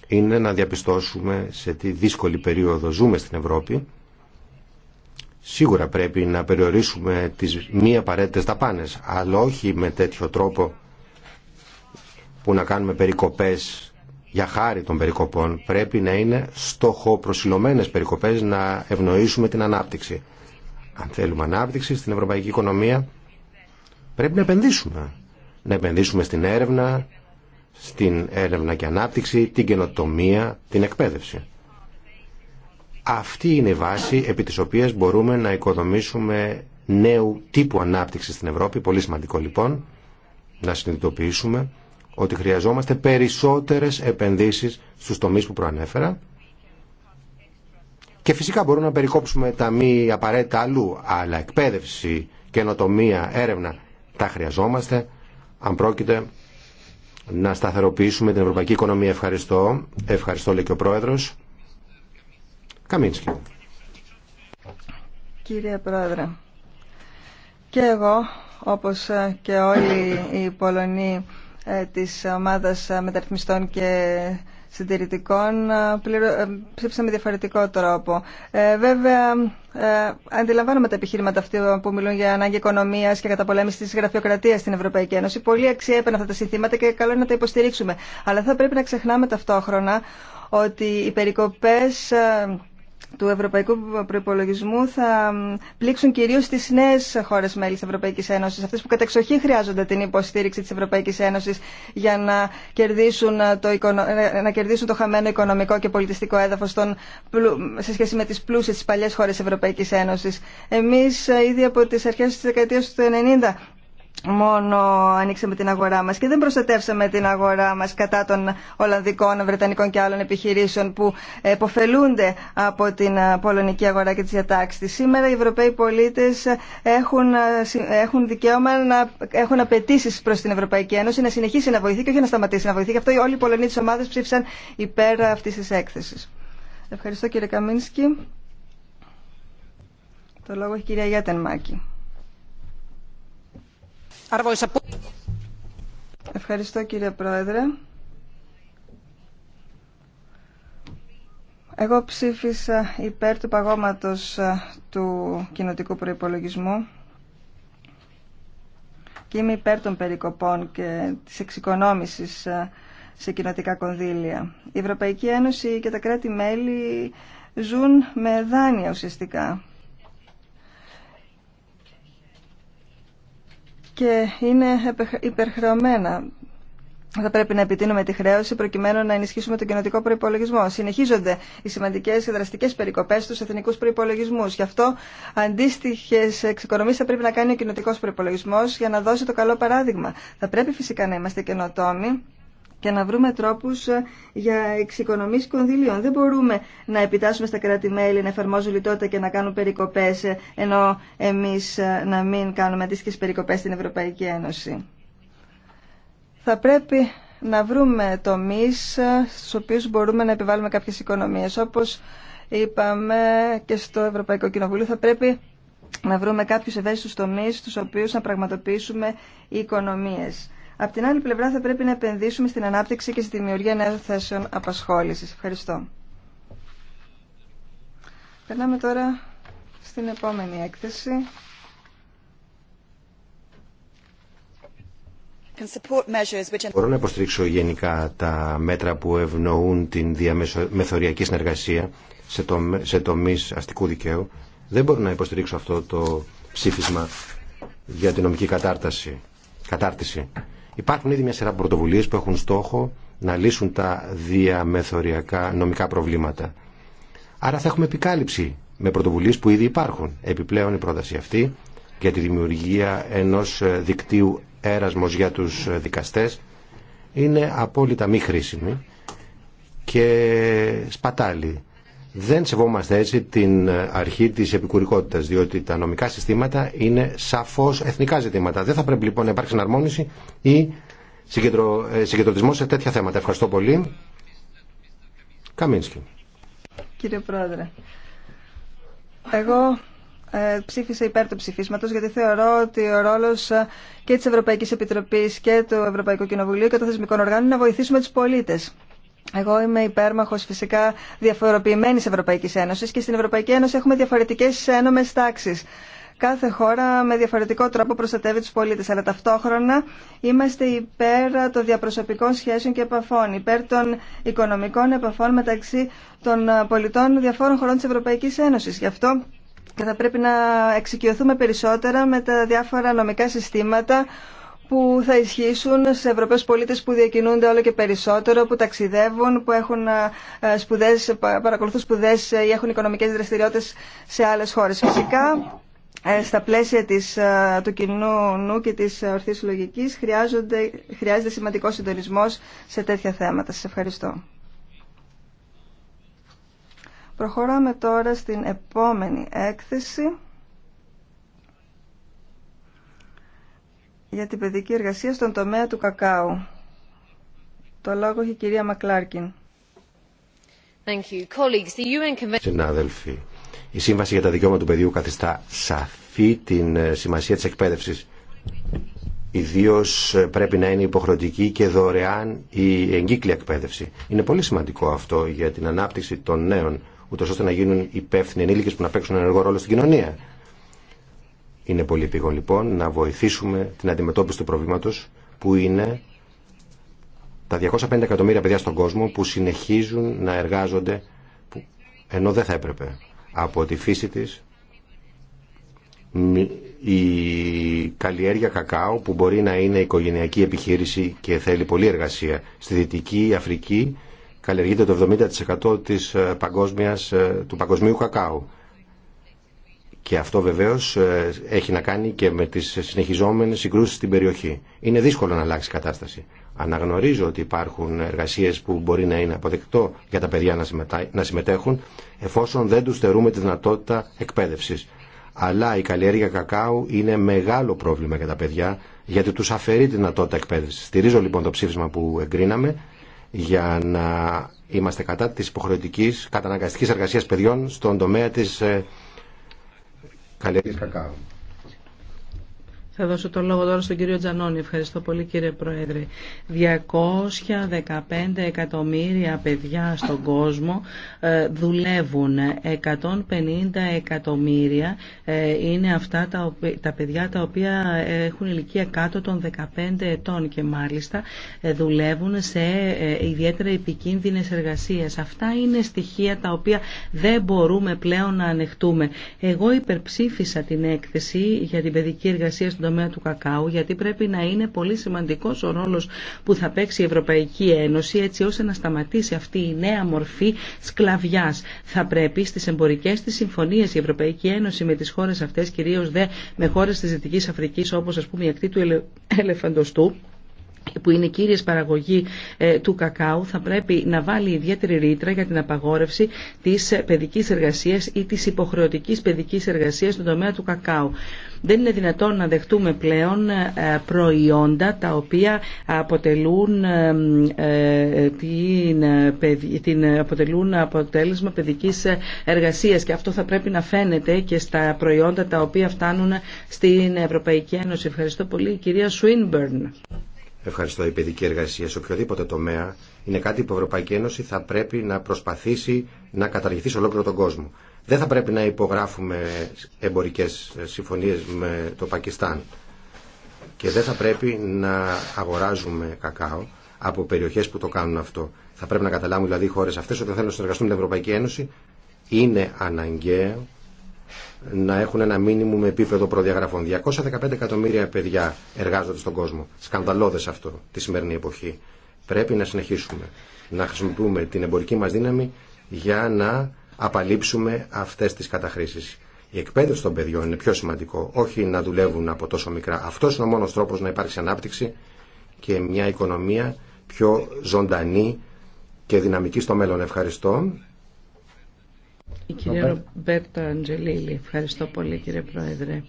είναι να διαπιστώσουμε σε τι δύσκολη περίοδο ζούμε στην Ευρώπη Σίγουρα πρέπει να περιορίσουμε τις μη απαραίτητες τα αλλά όχι με τέτοιο τρόπο που να κάνουμε περικοπές για χάρη των περικοπών. Πρέπει να είναι στόχο προσιλωμένες περικοπές να ευνοήσουμε την ανάπτυξη. Αν θέλουμε ανάπτυξη στην ευρωπαϊκή οικονομία, πρέπει να επενδύσουμε. Να επενδύσουμε στην έρευνα, στην έρευνα και ανάπτυξη, την καινοτομία, την εκπαίδευση. Αυτή είναι η βάση επί της οποίας μπορούμε να οικοδομήσουμε νέου τύπου ανάπτυξη στην Ευρώπη. Πολύ σημαντικό λοιπόν να συνειδητοποιήσουμε ότι χρειαζόμαστε περισσότερες επενδύσεις στους τομείς που προανέφερα και φυσικά μπορούμε να περικόψουμε τα μη απαραίτητα αλλού, αλλά εκπαίδευση, καινοτομία, έρευνα τα χρειαζόμαστε αν πρόκειται να σταθεροποιήσουμε την ευρωπαϊκή οικονομία. Ευχαριστώ. Ευχαριστώ λέει και ο Πρόεδρος. Καμίνσκι. Κύριε Πρόεδρε, και εγώ, όπως ε, και όλοι οι Πολωνοί ε, της ομάδας ε, μεταρρυθμιστών και συντηρητικών ψήφισα διαφορετικό τρόπο. Ε, βέβαια, ε, αντιλαμβάνομαι τα επιχείρηματα αυτή που μιλούν για ανάγκη οικονομία και καταπολέμηση τη γραφειοκρατία στην Ευρωπαϊκή Ένωση. Πολύ αξιέπαινε αυτά τα συνθήματα και καλό είναι να τα υποστηρίξουμε. Αλλά θα πρέπει να ξεχνάμε ταυτόχρονα ότι οι περικοπές του ευρωπαϊκού προπολογισμού θα πλήξουν κυρίως τις νέε χώρες μέλη τη Ευρωπαϊκής Ένωσης, αυτές που κατεξοχήν χρειάζονται την υποστήριξη της Ευρωπαϊκής Ένωσης για να κερδίσουν ε, το, ε, να κερδίσουν το χαμένο οικονομικό και πολιτιστικό έδαφος σε σχέση με τις πλούσιες παλιέ παλιές χώρες Ευρωπαϊκής Ένωσης. Εμείς ε, ήδη από τι αρχέ τη δεκαετία του 1990 μόνο ανοίξαμε την αγορά μας και δεν προστατεύσαμε την αγορά μας κατά των Ολλανδικών, Βρετανικών και άλλων επιχειρήσεων που εποφελούνται από την πολωνική αγορά και τις διατάξεις. Σήμερα οι Ευρωπαίοι πολίτες έχουν, έχουν δικαίωμα να έχουν απαιτήσει προς την Ευρωπαϊκή Ένωση να συνεχίσει να βοηθεί και όχι να σταματήσει να βοηθεί. Γι' αυτό όλοι οι Πολωνοί της ομάδας ψήφισαν υπέρ αυτής της έκθεσης. Ευχαριστώ κύριε Καμίνσκι. Το λόγο έχει η κυρία Γιάτεν Μάκη. Ευχαριστώ κύριε Πρόεδρε. Εγώ ψήφισα υπέρ του παγώματος ε, του κοινοτικού προϋπολογισμού και είμαι υπέρ των περικοπών και της εξοικονόμησης ε, σε κοινοτικά κονδύλια. Η Ευρωπαϊκή Ένωση και τα κράτη-μέλη ζουν με δάνεια ουσιαστικά και είναι υπερχρεωμένα. Θα πρέπει να επιτείνουμε τη χρέωση προκειμένου να ενισχύσουμε τον κοινοτικό προπολογισμό. Συνεχίζονται οι σημαντικέ και δραστικέ περικοπέ στου εθνικού προπολογισμού. Γι' αυτό αντίστοιχε εξοικονομήσει θα πρέπει να κάνει ο κοινοτικό προπολογισμό για να δώσει το καλό παράδειγμα. Θα πρέπει φυσικά να είμαστε καινοτόμοι και να βρούμε τρόπους ε, για εξοικονομήσει κονδυλίων. Δεν μπορούμε να επιτάσσουμε στα κράτη-μέλη να εφαρμόζουν λιτότητα και να κάνουν περικοπές, ε, ενώ εμείς ε, να μην κάνουμε αντίστοιχε περικοπές στην Ευρωπαϊκή Ένωση. Θα πρέπει να βρούμε τομείς στους οποίους μπορούμε να επιβάλλουμε κάποιες οικονομίες. Όπως είπαμε και στο Ευρωπαϊκό Κοινοβούλιο θα πρέπει να βρούμε κάποιους ευαίσθητους τομείς στους οποίους να πραγματοποιήσουμε οι Απ' την άλλη πλευρά θα πρέπει να επενδύσουμε στην ανάπτυξη και στη δημιουργία νέων θέσεων απασχόλησης. Ευχαριστώ. Περνάμε τώρα στην επόμενη έκθεση. Μπορώ να υποστηρίξω γενικά τα μέτρα που ευνοούν την διαμεθοριακή συνεργασία σε, το σε τομείς αστικού δικαίου. Δεν μπορώ να υποστηρίξω αυτό το ψήφισμα για την νομική κατάρτιση. Υπάρχουν ήδη μια σειρά πρωτοβουλίε που έχουν στόχο να λύσουν τα διαμεθοριακά νομικά προβλήματα. Άρα θα έχουμε επικάλυψη με πρωτοβουλίε που ήδη υπάρχουν. Επιπλέον η πρόταση αυτή για τη δημιουργία ενό ε, δικτύου έρασμο για του ε, δικαστέ είναι απόλυτα μη χρήσιμη και σπατάλη δεν σεβόμαστε έτσι την αρχή της επικουρικότητας, διότι τα νομικά συστήματα είναι σαφώς εθνικά ζητήματα. Δεν θα πρέπει λοιπόν να υπάρξει εναρμόνιση ή συγκεντρω... Ε, συγκεντρωτισμό σε τέτοια θέματα. Ευχαριστώ πολύ. Καμίνσκι. Κύριε Πρόεδρε, εγώ ε, ψήφισα υπέρ του ψηφίσματος γιατί θεωρώ ότι ο ρόλος ε, και της Ευρωπαϊκής Επιτροπής και του Ευρωπαϊκού Κοινοβουλίου και των θεσμικών οργάνων είναι να βοηθήσουμε τους πολίτες. Εγώ είμαι υπέρμαχο φυσικά διαφοροποιημένη Ευρωπαϊκή Ένωση και στην Ευρωπαϊκή Ένωση έχουμε διαφορετικέ ένωμε τάξει. Κάθε χώρα με διαφορετικό τρόπο προστατεύει του πολίτε, αλλά ταυτόχρονα είμαστε υπέρ των διαπροσωπικών σχέσεων και επαφών, υπέρ των οικονομικών επαφών μεταξύ των πολιτών διαφόρων χωρών τη Ευρωπαϊκή Ένωση. Γι' αυτό θα πρέπει να εξοικειωθούμε περισσότερα με τα διάφορα νομικά συστήματα που θα ισχύσουν σε Ευρωπαίους πολίτες που διακινούνται όλο και περισσότερο, που ταξιδεύουν, που έχουν ε, σπουδές, παρακολουθούν σπουδές ή έχουν οικονομικές δραστηριότητες σε άλλες χώρες. Φυσικά, ε, στα πλαίσια της, ε, του κοινού νου και της ορθής λογικής χρειάζεται σημαντικός συντονισμός σε τέτοια θέματα. Σας ευχαριστώ. Προχωράμε τώρα στην επόμενη έκθεση. για την παιδική εργασία στον τομέα του κακάου. Το λόγο έχει η κυρία Μακλάρκιν. Συνάδελφοι, η Σύμβαση για τα Δικαιώματα του Παιδιού καθιστά σαφή την ε, σημασία της εκπαίδευσης. Ιδίω ε, πρέπει να είναι υποχρεωτική και δωρεάν η εγκύκλια εκπαίδευση. Είναι πολύ σημαντικό αυτό για την ανάπτυξη των νέων, ούτω ώστε να γίνουν υπεύθυνοι ενήλικε που να παίξουν ενεργό ρόλο στην κοινωνία. Είναι πολύ επίγον λοιπόν να βοηθήσουμε την αντιμετώπιση του προβλήματος που είναι τα 250 εκατομμύρια παιδιά στον κόσμο που συνεχίζουν να εργάζονται ενώ δεν θα έπρεπε. Από τη φύση της η καλλιέργεια κακάου που μπορεί να είναι οικογενειακή επιχείρηση και θέλει πολλή εργασία. Στη Δυτική Αφρική καλλιεργείται το 70% της ε, παγκόσμιας, ε, του παγκοσμίου κακάου. Και αυτό βεβαίως ε, έχει να κάνει και με τι συνεχιζόμενες συγκρούσει στην περιοχή. Είναι δύσκολο να αλλάξει η κατάσταση. Αναγνωρίζω ότι υπάρχουν εργασίε που μπορεί να είναι αποδεκτό για τα παιδιά να συμμετέχουν εφόσον δεν του θερούμε τη δυνατότητα εκπαίδευση. Αλλά η καλλιέργεια κακάου είναι μεγάλο πρόβλημα για τα παιδιά γιατί του αφαιρεί τη δυνατότητα εκπαίδευση. Στηρίζω λοιπόν το ψήφισμα που εγκρίναμε για να είμαστε κατά τη υποχρεωτική καταναγκαστική εργασία παιδιών στον τομέα της ε, καλλιέργειας κακάο. Θα δώσω το λόγο τώρα στον κύριο Τζανόνι. Ευχαριστώ πολύ κύριε Πρόεδρε. 215 εκατομμύρια παιδιά στον κόσμο ε, δουλεύουν. 150 εκατομμύρια ε, είναι αυτά τα, παιδιά τα οποία έχουν ηλικία κάτω των 15 ετών και μάλιστα ε, δουλεύουν σε ιδιαίτερα επικίνδυνες εργασίες. Αυτά είναι στοιχεία τα οποία δεν μπορούμε πλέον να ανεχτούμε. Εγώ υπερψήφισα την έκθεση για την παιδική εργασία στον τομέα του κακάου, γιατί πρέπει να είναι πολύ σημαντικό ο ρόλο που θα παίξει η Ευρωπαϊκή Ένωση, έτσι ώστε να σταματήσει αυτή η νέα μορφή σκλαβιάς. Θα πρέπει στι εμπορικέ τη συμφωνίε, η Ευρωπαϊκή Ένωση με τι χώρε αυτέ, κυρίω δε με χώρε τη Δυτικής Αφρική, όπω α πούμε η ακτή του <coughs> ελεφαντοστού, που είναι κύριες παραγωγή ε, του κακάου θα πρέπει να βάλει ιδιαίτερη ρήτρα για την απαγόρευση της ε, παιδικής εργασίας ή της υποχρεωτικής παιδικής εργασίας στον τομέα του κακάου. Δεν είναι δυνατόν να δεχτούμε πλέον ε, προϊόντα τα οποία αποτελούν, την, την, αποτελούν αποτέλεσμα παιδικής εργασίας και αυτό θα πρέπει να φαίνεται και στα προϊόντα τα οποία φτάνουν στην Ευρωπαϊκή Ένωση. Ευχαριστώ πολύ κυρία Σουίνμπερν. Ευχαριστώ. Η παιδική εργασία σε οποιοδήποτε τομέα είναι κάτι που η Ευρωπαϊκή Ένωση θα πρέπει να προσπαθήσει να καταργηθεί σε ολόκληρο τον κόσμο. Δεν θα πρέπει να υπογράφουμε εμπορικέ συμφωνίε με το Πακιστάν και δεν θα πρέπει να αγοράζουμε κακάο από περιοχέ που το κάνουν αυτό. Θα πρέπει να καταλάβουν δηλαδή οι χώρε αυτέ ότι θέλουν να συνεργαστούν με την Ευρωπαϊκή Ένωση. Είναι αναγκαίο να έχουν ένα μήνυμο με επίπεδο προδιαγραφών. 215 εκατομμύρια παιδιά εργάζονται στον κόσμο. Σκανδαλώδες αυτό τη σημερινή εποχή. Πρέπει να συνεχίσουμε να χρησιμοποιούμε την εμπορική μας δύναμη για να απαλείψουμε αυτές τις καταχρήσεις. Η εκπαίδευση των παιδιών είναι πιο σημαντικό, όχι να δουλεύουν από τόσο μικρά. Αυτός είναι ο μόνος τρόπος να υπάρξει ανάπτυξη και μια οικονομία πιο ζωντανή και δυναμική στο μέλλον. Ευχαριστώ. Η κυρία Ρομπέρτα Αντζελίλη. Ευχαριστώ πολύ κύριε Πρόεδρε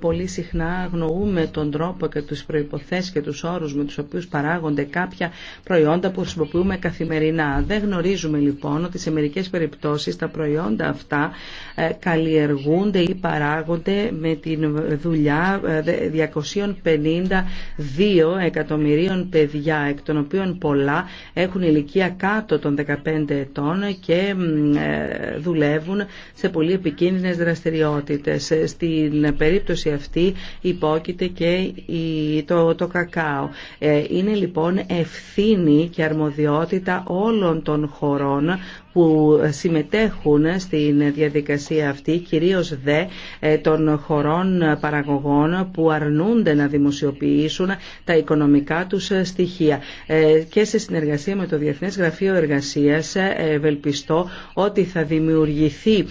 πολύ συχνά αγνοούμε τον τρόπο και τις προϋποθέσεις και τους όρους με τους οποίους παράγονται κάποια προϊόντα που χρησιμοποιούμε καθημερινά. Δεν γνωρίζουμε λοιπόν ότι σε μερικές περιπτώσεις τα προϊόντα αυτά ε, καλλιεργούνται ή παράγονται με τη δουλειά 252 ε, εκατομμυρίων παιδιά, εκ των οποίων πολλά έχουν ηλικία κάτω των 15 ετών και ε, δουλεύουν σε πολύ επικίνδυνες δραστηριότητες. Στην περίπτωση αυτή υπόκειται και το, το κακάο. Ε, είναι λοιπόν ευθύνη και αρμοδιότητα όλων των χωρών που συμμετέχουν στην διαδικασία αυτή, κυρίως δε ε, των χωρών παραγωγών που αρνούνται να δημοσιοποιήσουν τα οικονομικά τους στοιχεία. Ε, και σε συνεργασία με το Διεθνές Γραφείο Εργασίας ε, ευελπιστώ ότι θα δημιουργηθεί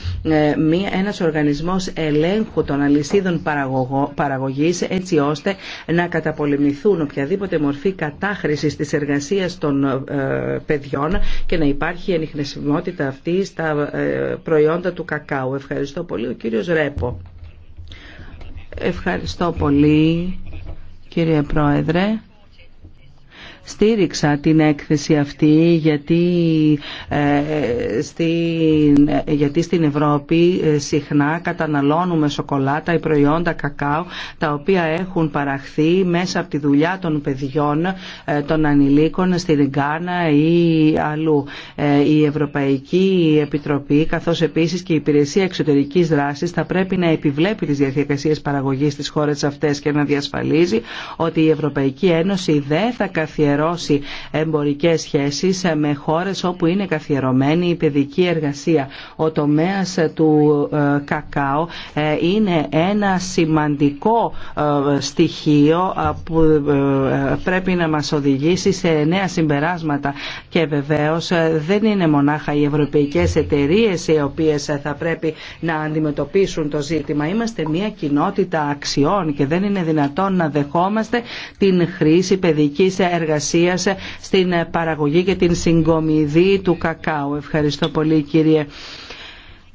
ένας οργανισμός ελέγχου των αλυσίδων παραγωγής έτσι ώστε να καταπολεμηθούν οποιαδήποτε μορφή κατάχρησης της εργασίας των παιδιών και να υπάρχει ενιχνεσιμότητα τα αυτή στα ε, προϊόντα του κακάου. Ευχαριστώ πολύ. Ο κύριος Ρέπο. Ευχαριστώ πολύ κύριε Πρόεδρε στήριξα την έκθεση αυτή γιατί, ε, στην, γιατί στην Ευρώπη ε, συχνά καταναλώνουμε σοκολάτα ή προϊόντα κακάο τα οποία έχουν παραχθεί μέσα από τη δουλειά των παιδιών, ε, των ανηλίκων στην Γκάνα ή αλλού. Ε, η Ευρωπαϊκή Επιτροπή καθώς επίσης και η Υπηρεσία Εξωτερικής Δράσης θα πρέπει να επιβλέπει τις διαδικασίες παραγωγής στις χώρες αυτές και να διασφαλίζει ότι η Ευρωπαϊκή Ένωση δεν θα καθιερώσει Εμπορικέ εμπορικές σχέσεις με χώρες όπου είναι καθιερωμένη η παιδική εργασία. Ο τομέας του ε, κακάο ε, είναι ένα σημαντικό ε, στοιχείο που πρέπει να μας οδηγήσει σε νέα συμπεράσματα και βεβαίως δεν είναι μονάχα οι ευρωπαϊκές εταιρείες οι οποίες θα πρέπει να αντιμετωπίσουν το ζήτημα. Είμαστε μια κοινότητα αξιών και δεν είναι δυνατόν να δεχόμαστε την χρήση παιδικής εργασίας στην παραγωγή και την συγκομιδή του κακάου. Ευχαριστώ πολύ κύριε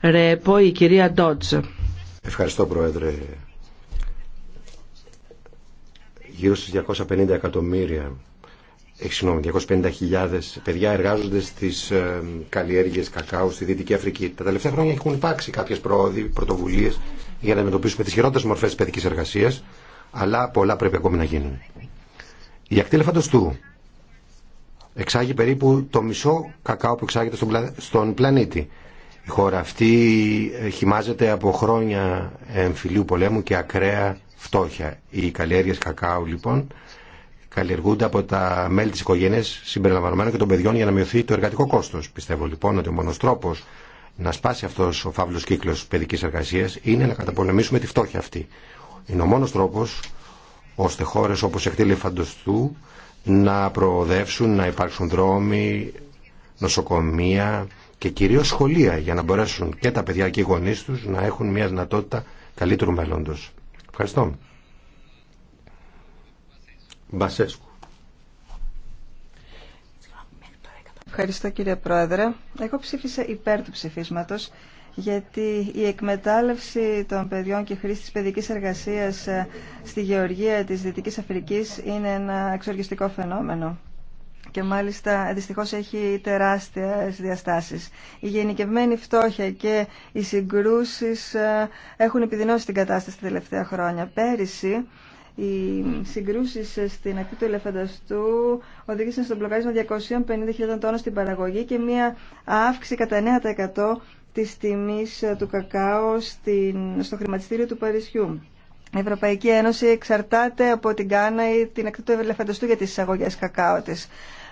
Ρέπο, η κυρία Ντότζ. Ευχαριστώ Πρόεδρε. Γύρω στις 250 εκατομμύρια ε, συγγνώμη, 250.000 παιδιά εργάζονται στι ε, καλλιέργειες κακάου στη Δυτική Αφρική. Τα τελευταία χρόνια έχουν υπάρξει κάποιες προόδοι, πρωτοβουλίε για να αντιμετωπίσουμε τι μορφές μορφέ παιδικής εργασίας, αλλά πολλά πρέπει ακόμη να γίνουν. Η ακτή του εξάγει περίπου το μισό κακάο που εξάγεται στον, στον πλανήτη. Η χώρα αυτή ε, χυμάζεται από χρόνια εμφυλίου πολέμου και ακραία φτώχεια. Οι καλλιέργειες κακάου λοιπόν καλλιεργούνται από τα μέλη της οικογένειας συμπεριλαμβανομένων και των παιδιών για να μειωθεί το εργατικό κόστος. Πιστεύω λοιπόν ότι ο μόνος τρόπος να σπάσει αυτός ο φαύλος κύκλος παιδικής εργασίας είναι να καταπολεμήσουμε τη φτώχεια αυτή. Είναι ο μόνος τρόπος ώστε χώρες όπως η φαντοστού να προοδεύσουν, να υπάρξουν δρόμοι, νοσοκομεία και κυρίως σχολεία για να μπορέσουν και τα παιδιά και οι γονείς τους να έχουν μια δυνατότητα καλύτερου μέλλοντος. Ευχαριστώ. Μπασέσκου. Ευχαριστώ κύριε Πρόεδρε. Εγώ ψήφισα υπέρ του ψηφίσματος γιατί η εκμετάλλευση των παιδιών και χρήση της παιδικής εργασίας ε, στη γεωργία της Δυτικής Αφρικής είναι ένα εξοργιστικό φαινόμενο και μάλιστα δυστυχώς έχει τεράστιες διαστάσεις. Η γενικευμένη φτώχεια και οι συγκρούσεις ε, έχουν επιδεινώσει την κατάσταση τα τελευταία χρόνια. Πέρυσι οι συγκρούσεις ε, στην ακτή του Ελεφανταστού οδήγησαν στον πλοκάρισμα 250.000 τόνων στην παραγωγή και μια αύξηση κατά 9% της τιμής ε, του κακάο στο χρηματιστήριο του Παρισιού. Η Ευρωπαϊκή Ένωση εξαρτάται από την Κάνα ή την ακτή του Ελεφαντοστού για τις εισαγωγές κακάο της.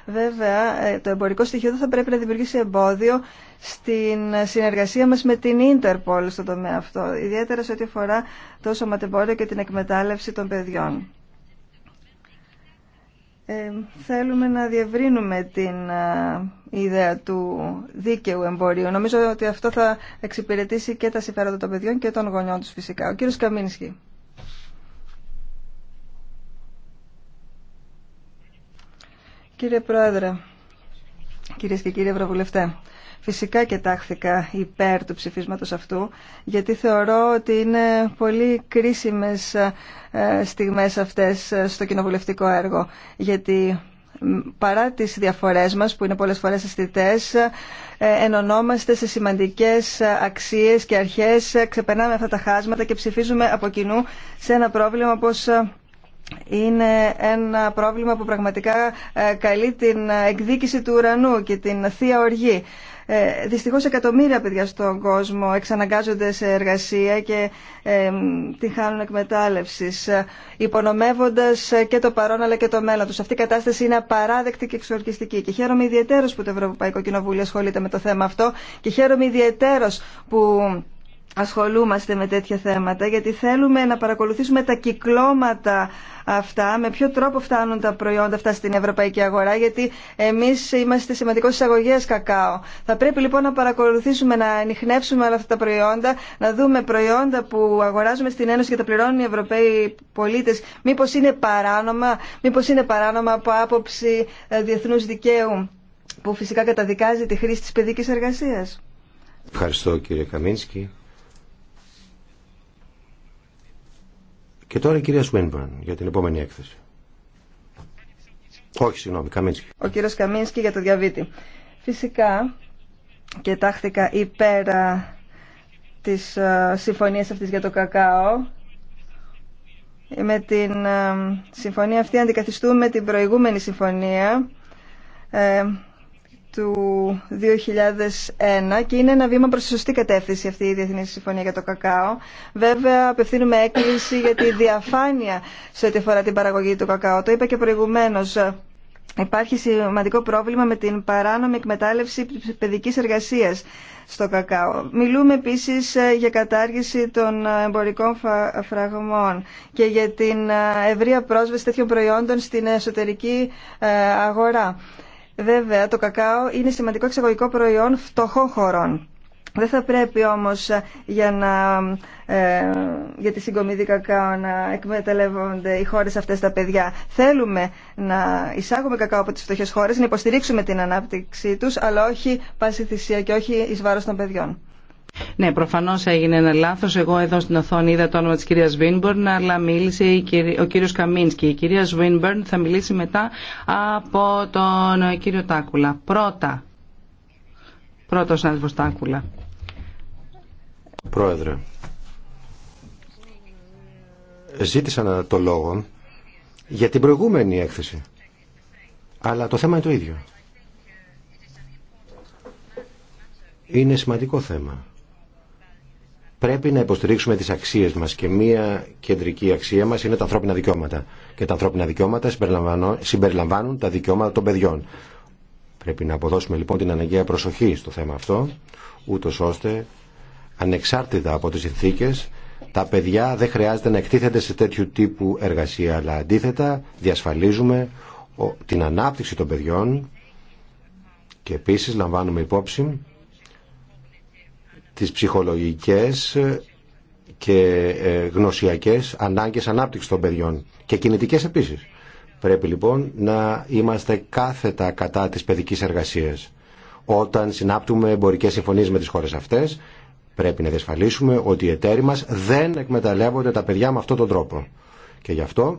Βέβαια, ε, το εμπορικό στοιχείο δεν θα πρέπει να δημιουργήσει εμπόδιο στην συνεργασία μας με την Ίντερπολ στον τομέα αυτό, ιδιαίτερα σε ό,τι αφορά το σωματεμπόριο και την εκμετάλλευση των παιδιών. Ε, θέλουμε να διευρύνουμε την ε, ιδέα του δίκαιου εμπορίου. Νομίζω ότι αυτό θα εξυπηρετήσει και τα συμφέροντα των παιδιών και των γονιών τους φυσικά. Ο κύριος Καμίνσκι. Κύριε Πρόεδρε, κυρίες και κύριοι Ευρωβουλευτέ, φυσικά και τάχθηκα υπέρ του ψηφίσματος αυτού, γιατί θεωρώ ότι είναι πολύ κρίσιμες ε, στιγμές αυτές ε, στο κοινοβουλευτικό έργο. Γιατί παρά τις διαφορές μας που είναι πολλές φορές αισθητές ε, ενωνόμαστε σε σημαντικές αξίες και αρχές ξεπερνάμε αυτά τα χάσματα και ψηφίζουμε από κοινού σε ένα πρόβλημα όπως είναι ένα πρόβλημα που πραγματικά καλεί την εκδίκηση του ουρανού και την θεία οργή. Ε, Δυστυχώ εκατομμύρια παιδιά στον κόσμο εξαναγκάζονται σε εργασία και ε, τη χάνουν εκμετάλλευση, ε, υπονομεύοντα ε, και το παρόν αλλά και το μέλλον τους. Αυτή η κατάσταση είναι απαράδεκτη και εξορκιστική και χαίρομαι ιδιαίτερω που το Ευρωπαϊκό Κοινοβούλιο ασχολείται με το θέμα αυτό και χαίρομαι ιδιαίτερος που ασχολούμαστε με τέτοια θέματα γιατί θέλουμε να παρακολουθήσουμε τα κυκλώματα αυτά, με ποιο τρόπο φτάνουν τα προϊόντα αυτά στην ευρωπαϊκή αγορά γιατί εμείς είμαστε σημαντικός εισαγωγέ κακάο. Θα πρέπει λοιπόν να παρακολουθήσουμε, να ανοιχνεύσουμε όλα αυτά τα προϊόντα, να δούμε προϊόντα που αγοράζουμε στην Ένωση και τα πληρώνουν οι Ευρωπαίοι πολίτες μήπως είναι παράνομα, μήπως είναι παράνομα από άποψη ε, διεθνούς δικαίου που φυσικά καταδικάζει τη χρήση της παιδικής εργασίας. Ευχαριστώ κύριε Καμίνσκι. Και τώρα η κυρία Σουίνμπαν για την επόμενη έκθεση. Όχι, συγγνώμη, Καμίνσκι. Ο κύριος Καμίνσκι για το διαβήτη. Φυσικά και τάχθηκα υπέρ της συμφωνίας αυτής για το κακάο. Με την συμφωνία αυτή αντικαθιστούμε την προηγούμενη συμφωνία ε, του 2001 και είναι ένα βήμα προς τη σωστή κατεύθυνση αυτή η Διεθνή Συμφωνία για το κακάο. Βέβαια, απευθύνουμε έκκληση για τη διαφάνεια σε ό,τι αφορά την παραγωγή του κακάο. Το είπα και προηγουμένως. Υπάρχει σημαντικό πρόβλημα με την παράνομη εκμετάλλευση παιδικής εργασίας στο κακάο. Μιλούμε επίσης ε, για κατάργηση των ε, εμπορικών φραγμών και για την ε, ευρεία πρόσβαση τέτοιων προϊόντων στην εσωτερική αγορά. Βέβαια, το κακάο είναι σημαντικό εξαγωγικό προϊόν φτωχών χωρών. Δεν θα πρέπει όμως ε, για, ε, για τη συγκομιδή κακάο να εκμεταλλεύονται οι χώρες αυτές τα παιδιά. Θέλουμε να εισάγουμε κακάο από τις φτωχές χώρες, να υποστηρίξουμε την ανάπτυξή τους, αλλά όχι πάση θυσία και όχι εις βάρος των παιδιών. Ναι, προφανώ έγινε ένα λάθο. Εγώ εδώ στην οθόνη είδα το όνομα τη κυρία Βίνμπορν, αλλά μίλησε ο κύριο Καμίνσκι. Η κυρία Βίνμπορν θα μιλήσει μετά από τον κύριο Τάκουλα. Πρώτα. Πρώτο συνάδελφο Τάκουλα. Πρόεδρε, ζήτησα το λόγο για την προηγούμενη έκθεση. Αλλά το θέμα είναι το ίδιο. Είναι σημαντικό θέμα πρέπει να υποστηρίξουμε τις αξίες μας και μία κεντρική αξία μας είναι τα ανθρώπινα δικαιώματα. Και τα ανθρώπινα δικαιώματα συμπεριλαμβάνουν τα δικαιώματα των παιδιών. Πρέπει να αποδώσουμε λοιπόν την αναγκαία προσοχή στο θέμα αυτό, ούτως ώστε ανεξάρτητα από τις συνθήκες τα παιδιά δεν χρειάζεται να εκτίθενται σε τέτοιου τύπου εργασία, αλλά αντίθετα διασφαλίζουμε την ανάπτυξη των παιδιών και επίσης λαμβάνουμε υπόψη τις ψυχολογικές και ε, γνωσιακές ανάγκες ανάπτυξης των παιδιών και κινητικές επίσης. Πρέπει λοιπόν να είμαστε κάθετα κατά της παιδικής εργασίας. Όταν συνάπτουμε εμπορικές συμφωνίες με τις χώρες αυτές, πρέπει να διασφαλίσουμε ότι οι εταίροι μας δεν εκμεταλλεύονται τα παιδιά με αυτόν τον τρόπο. Και γι' αυτό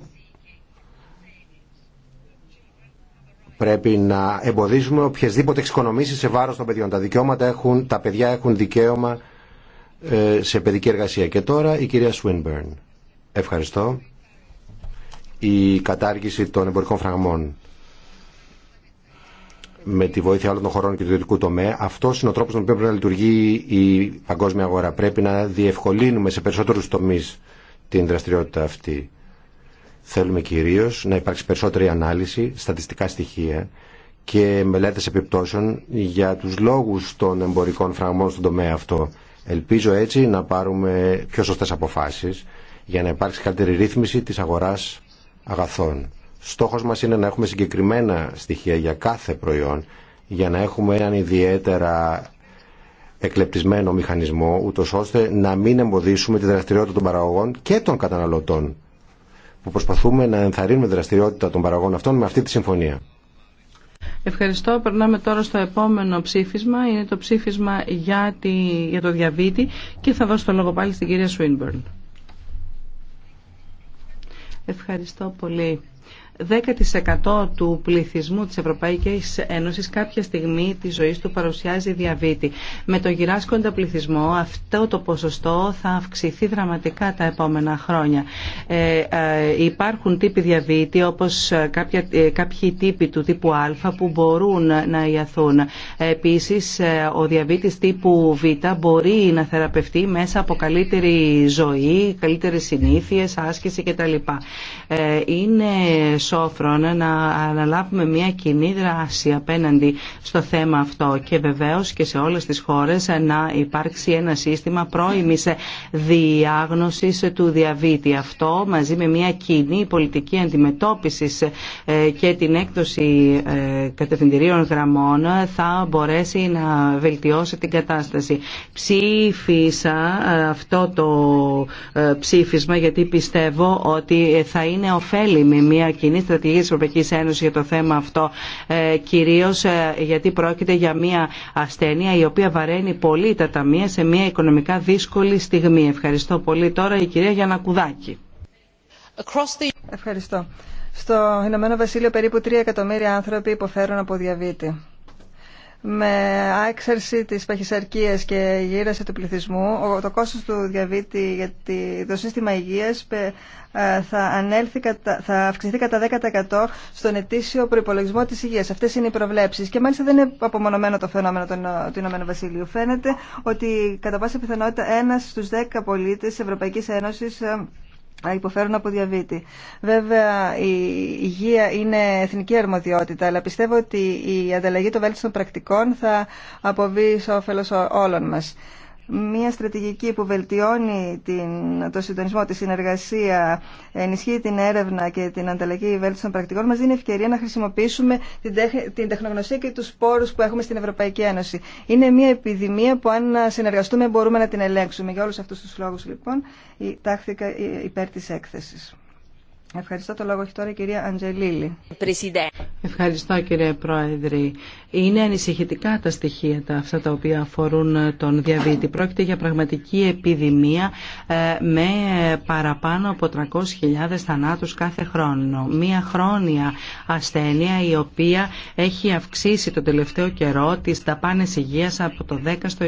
Πρέπει να εμποδίζουμε οποιασδήποτε εξοικονομήσει σε βάρο των παιδιών. Τα, δικαιώματα έχουν, τα παιδιά έχουν δικαίωμα ε, σε παιδική εργασία. Και τώρα η κυρία Σουίνμπερν. Ευχαριστώ. Η κατάργηση των εμπορικών φραγμών με τη βοήθεια άλλων των χωρών και του ιδιωτικού τομέα. Αυτό είναι ο τρόπο τον οποίο πρέπει να λειτουργεί η παγκόσμια αγορά. Πρέπει να διευκολύνουμε σε περισσότερου τομεί την δραστηριότητα αυτή. Θέλουμε κυρίως να υπάρξει περισσότερη ανάλυση, στατιστικά στοιχεία και μελέτες επιπτώσεων για τους λόγους των εμπορικών φραγμών στον τομέα αυτό. Ελπίζω έτσι να πάρουμε πιο σωστές αποφάσεις για να υπάρξει καλύτερη ρύθμιση της αγοράς αγαθών. Στόχος μας είναι να έχουμε συγκεκριμένα στοιχεία για κάθε προϊόν για να έχουμε έναν ιδιαίτερα εκλεπτισμένο μηχανισμό ούτως ώστε να μην εμποδίσουμε τη δραστηριότητα των παραγωγών και των καταναλωτών που προσπαθούμε να ενθαρρύνουμε δραστηριότητα των παραγών αυτών με αυτή τη συμφωνία. Ευχαριστώ. Περνάμε τώρα στο επόμενο ψήφισμα. Είναι το ψήφισμα για, για το διαβήτη και θα δώσω το λόγο πάλι στην κυρία Σουίνμπερν. Ευχαριστώ πολύ. 10% του πληθυσμού της Ευρωπαϊκής Ένωσης κάποια στιγμή της ζωής του παρουσιάζει διαβήτη. Με τον γυράσκοντα πληθυσμό αυτό το ποσοστό θα αυξηθεί δραματικά τα επόμενα χρόνια. Ε, ε, υπάρχουν τύποι διαβήτη όπως ε, κάποιοι τύποι του τύπου Α που μπορούν να ιαθούν. Επίσης ο διαβήτης τύπου Β μπορεί να θεραπευτεί μέσα από καλύτερη ζωή, καλύτερες συνήθειες, άσκηση κτλ. Είναι σόφρον να αναλάβουμε μια κοινή δράση απέναντι στο θέμα αυτό και βεβαίως και σε όλες τις χώρες να υπάρξει ένα σύστημα πρώιμης διάγνωσης του διαβήτη. Αυτό μαζί με μια κοινή πολιτική αντιμετώπιση ε, και την έκδοση ε, κατευθυντηρίων γραμμών θα μπορέσει να βελτιώσει την κατάσταση. Ψήφισα ε, αυτό το ψήφισμα γιατί πιστεύω ότι θα είναι ωφέλιμη μια κοινή στρατηγική τη Ευρωπαϊκής Ένωσης για το θέμα αυτό ε, κυρίως ε, γιατί πρόκειται για μια ασθένεια η οποία βαραίνει πολύ τα ταμεία σε μια οικονομικά δύσκολη στιγμή. Ευχαριστώ πολύ τώρα η κυρία Γιανακουδάκη. Ευχαριστώ. Στο Ηνωμένο Βασίλειο περίπου 3 εκατομμύρια άνθρωποι υποφέρουν από διαβήτη με άξερση της παχυσαρκίας και γύρωση του πληθυσμού, το κόστος του διαβήτη για το σύστημα υγείας ε, θα, ανέλθει, θα αυξηθεί κατά 10% στον ετήσιο προϋπολογισμό της υγείας. Αυτές είναι οι προβλέψεις. Και μάλιστα δεν είναι απομονωμένο το φαινόμενο ε, του Ηνωμένου Βασιλείου. Φαίνεται ότι κατά πάσα πιθανότητα ένας στους 10 πολίτες της Ευρωπαϊκής Ένωσης ε, υποφέρουν από διαβήτη. Βέβαια η υγεία είναι εθνική αρμοδιότητα, αλλά πιστεύω ότι η ανταλλαγή των βέλτιστων πρακτικών θα αποβεί σε όφελο όλων μας μια στρατηγική που βελτιώνει την, το συντονισμό, τη συνεργασία, ενισχύει την έρευνα και την ανταλλαγή βέλτιστων πρακτικών, μας δίνει ευκαιρία να χρησιμοποιήσουμε την, την τεχνογνωσία και τους πόρους που έχουμε στην Ευρωπαϊκή Ένωση. Είναι μια επιδημία που αν συνεργαστούμε μπορούμε να την ελέγξουμε. Για όλου αυτού του λόγου, λοιπόν τάχθηκα υπέρ τη έκθεση. Ευχαριστώ. Το λόγο έχει τώρα η κυρία Αντζελίλη. Ευχαριστώ κύριε Πρόεδρε. Είναι ανησυχητικά τα στοιχεία τα, αυτά τα οποία αφορούν ε, τον διαβήτη. Πρόκειται για πραγματική επιδημία ε, με παραπάνω από 300.000 θανάτους κάθε χρόνο. Μία χρόνια ασθένεια η οποία έχει αυξήσει τον τελευταίο καιρό τις ταπάνες υγείας από το 10% στο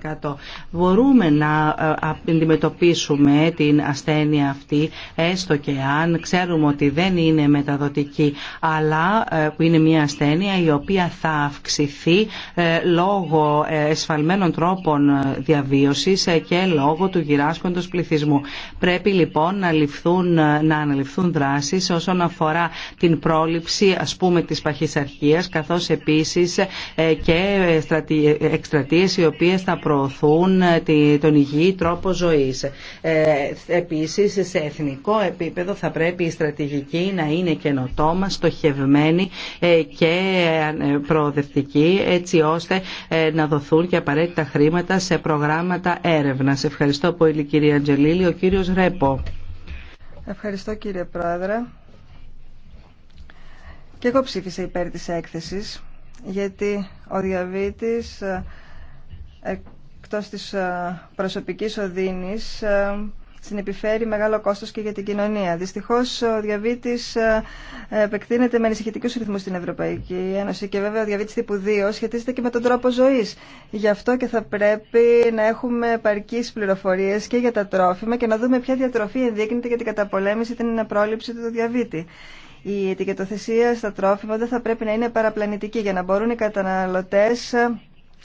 26%. Μπορούμε να ε, αντιμετωπίσουμε την ασθένεια αυτή έστω και αν ξέρουμε ότι δεν είναι μεταδοτική αλλά ε, που είναι μια ασθένεια η οποία θα αυξηθεί ε, λόγω ε, εσφαλμένων τρόπων διαβίωσης και λόγω του γυράσκοντος πληθυσμού. Πρέπει λοιπόν να, ληφθούν, να αναλυφθούν δράσεις όσον αφορά την πρόληψη ας πούμε της παχυσαρχίας καθώς επίσης και εκστρατείες οι οποίες θα προωθούν τον υγιή τρόπο ζωής. Επίσης σε εθνικό επίπεδο θα πρέπει η στρατηγική να είναι καινοτόμα, στοχευμένη ε, και ε, προοδευτική έτσι ώστε ε, να δοθούν και απαραίτητα χρήματα σε προγράμματα έρευνας. Ευχαριστώ πολύ κυρία Αντζελίλη. Ο κύριος Ρέπο. Ευχαριστώ κύριε Πρόεδρε. Και εγώ ψήφισα υπέρ της έκθεσης γιατί ο διαβήτης εκτός της προσωπικής οδύνης συνεπιφέρει μεγάλο κόστος και για την κοινωνία. Δυστυχώς ο διαβήτης ε, επεκτείνεται με ανησυχητικούς ρυθμούς στην Ευρωπαϊκή Ένωση και βέβαια ο διαβήτης τύπου 2 σχετίζεται και με τον τρόπο ζωής. Γι' αυτό και θα πρέπει να έχουμε παρκείς πληροφορίες και για τα τρόφιμα και να δούμε ποια διατροφή ενδείκνεται για την καταπολέμηση την πρόληψη του διαβήτη. Η ετικετοθεσία στα τρόφιμα δεν θα πρέπει να είναι παραπλανητική για να μπορούν οι καταναλωτέ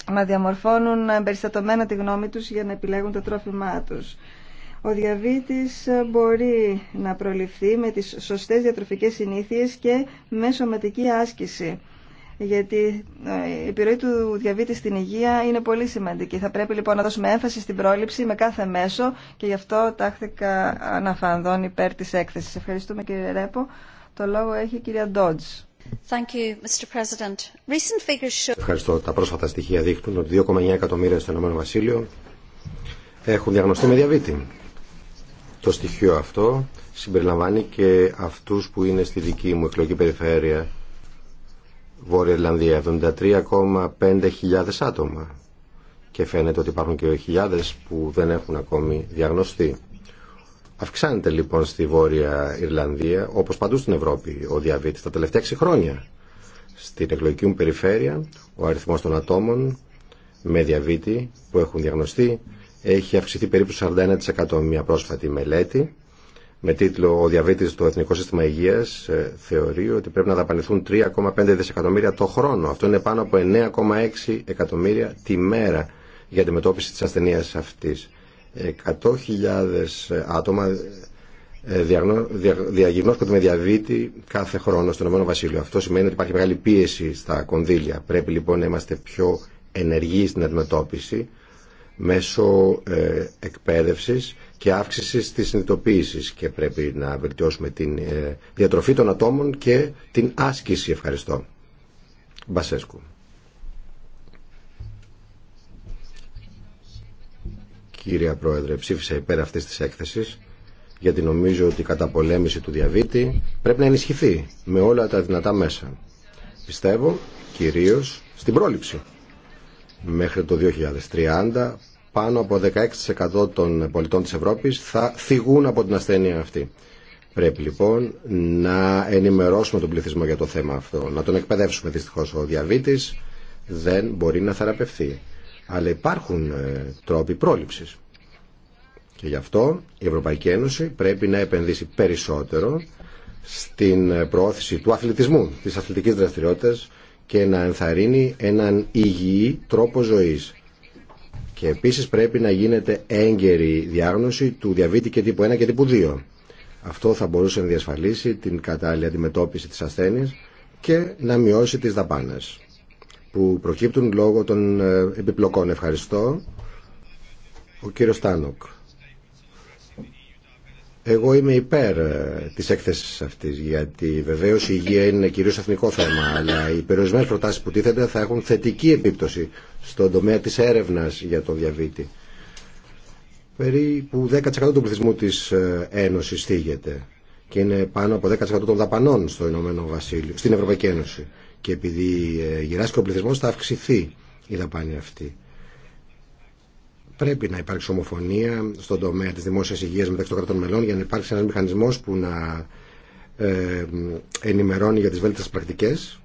ε, να διαμορφώνουν περιστατωμένα τη γνώμη τους για να επιλέγουν το τρόφιμά τους. Ο διαβήτης ε, μπορεί να προληφθεί με τις σωστές διατροφικές συνήθειες και με σωματική άσκηση γιατί ε, η επιρροή του διαβήτη στην υγεία είναι πολύ σημαντική. Θα πρέπει λοιπόν να δώσουμε έμφαση στην πρόληψη με κάθε μέσο και γι' αυτό τάχθηκα αναφανδόν υπέρ της έκθεσης. Ευχαριστούμε κύριε Ρέπο. Το λόγο έχει η κυρία Ντότζ. Ευχαριστώ. Τα πρόσφατα στοιχεία δείχνουν ότι 2,9 εκατομμύρια στο Ηνωμένο έχουν διαγνωστεί με διαβήτη. Το στοιχείο αυτό συμπεριλαμβάνει και αυτούς που είναι στη δική μου εκλογική περιφέρεια Βόρεια Ιρλανδία 73,5 άτομα και φαίνεται ότι υπάρχουν και χιλιάδες που δεν έχουν ακόμη διαγνωστεί. Αυξάνεται λοιπόν στη Βόρεια Ιρλανδία, όπως παντού στην Ευρώπη, ο διαβήτης τα τελευταία 6 χρόνια. Στην εκλογική μου περιφέρεια, ο αριθμός των ατόμων με διαβήτη που έχουν διαγνωστεί έχει αυξηθεί περίπου 41% μια πρόσφατη μελέτη με τίτλο «Ο διαβήτης στο Εθνικό Σύστημα Υγείας» ε, θεωρεί ότι πρέπει να δαπανηθούν 3,5 δισεκατομμύρια το χρόνο. Αυτό είναι πάνω από 9,6 εκατομμύρια τη μέρα για τη μετώπιση της ασθενείας αυτής. 100.000 ε, ε, άτομα διαγνώσκονται με διαβήτη κάθε χρόνο στον Ηνωμένο Βασίλειο. Αυτό σημαίνει ότι υπάρχει μεγάλη πίεση στα κονδύλια. Πρέπει λοιπόν να είμαστε πιο ενεργοί στην αντιμετώπιση μέσω ε, εκπαίδευσης και αύξησης της συνειδητοποίησης και πρέπει να βελτιώσουμε την ε, διατροφή των ατόμων και την άσκηση. Ευχαριστώ. Μπασέσκου. Κύριε Πρόεδρε, ψήφισα υπέρ αυτής της έκθεσης γιατί νομίζω ότι η καταπολέμηση του διαβήτη πρέπει να ενισχυθεί με όλα τα δυνατά μέσα. Πιστεύω κυρίως στην πρόληψη μέχρι το 2030 πάνω από 16% των πολιτών της Ευρώπης θα θυγούν από την ασθένεια αυτή. Πρέπει λοιπόν να ενημερώσουμε τον πληθυσμό για το θέμα αυτό, να τον εκπαιδεύσουμε δυστυχώς. Ο διαβήτης δεν μπορεί να θεραπευθεί, αλλά υπάρχουν ε, τρόποι πρόληψης. Και γι' αυτό η Ευρωπαϊκή Ένωση πρέπει να επενδύσει περισσότερο στην ε, προώθηση του αθλητισμού, της αθλητικής δραστηριότητας, και να ενθαρρύνει έναν υγιή τρόπο ζωής. Και επίσης πρέπει να γίνεται έγκαιρη διάγνωση του διαβήτη και τύπου 1 και τύπου 2. Αυτό θα μπορούσε να διασφαλίσει την κατάλληλη αντιμετώπιση της ασθένειας και να μειώσει τις δαπάνες που προκύπτουν λόγω των ε, επιπλοκών. Ευχαριστώ. Ο κύριος Τάνοκ. Εγώ είμαι υπέρ ε, της έκθεσης αυτής, γιατί βεβαίως η υγεία είναι κυρίως εθνικό θέμα, αλλά οι περιορισμένες προτάσεις που τίθενται θα έχουν θετική επίπτωση στον τομέα της έρευνας για τον διαβήτη. Περίπου 10% του πληθυσμού της ε, Ένωσης θίγεται και είναι πάνω από 10% των δαπανών στο Ηνωμένο Βασίλειο, στην Ευρωπαϊκή Ένωση. Και επειδή ε, γυράσκει ο πληθυσμός θα αυξηθεί η δαπάνη αυτή. Πρέπει να υπάρξει ομοφωνία στον τομέα της δημόσιας υγείας μεταξύ των κρατών μελών για να υπάρξει ένας μηχανισμός που να ε, ενημερώνει για τις βέλτιστες πρακτικές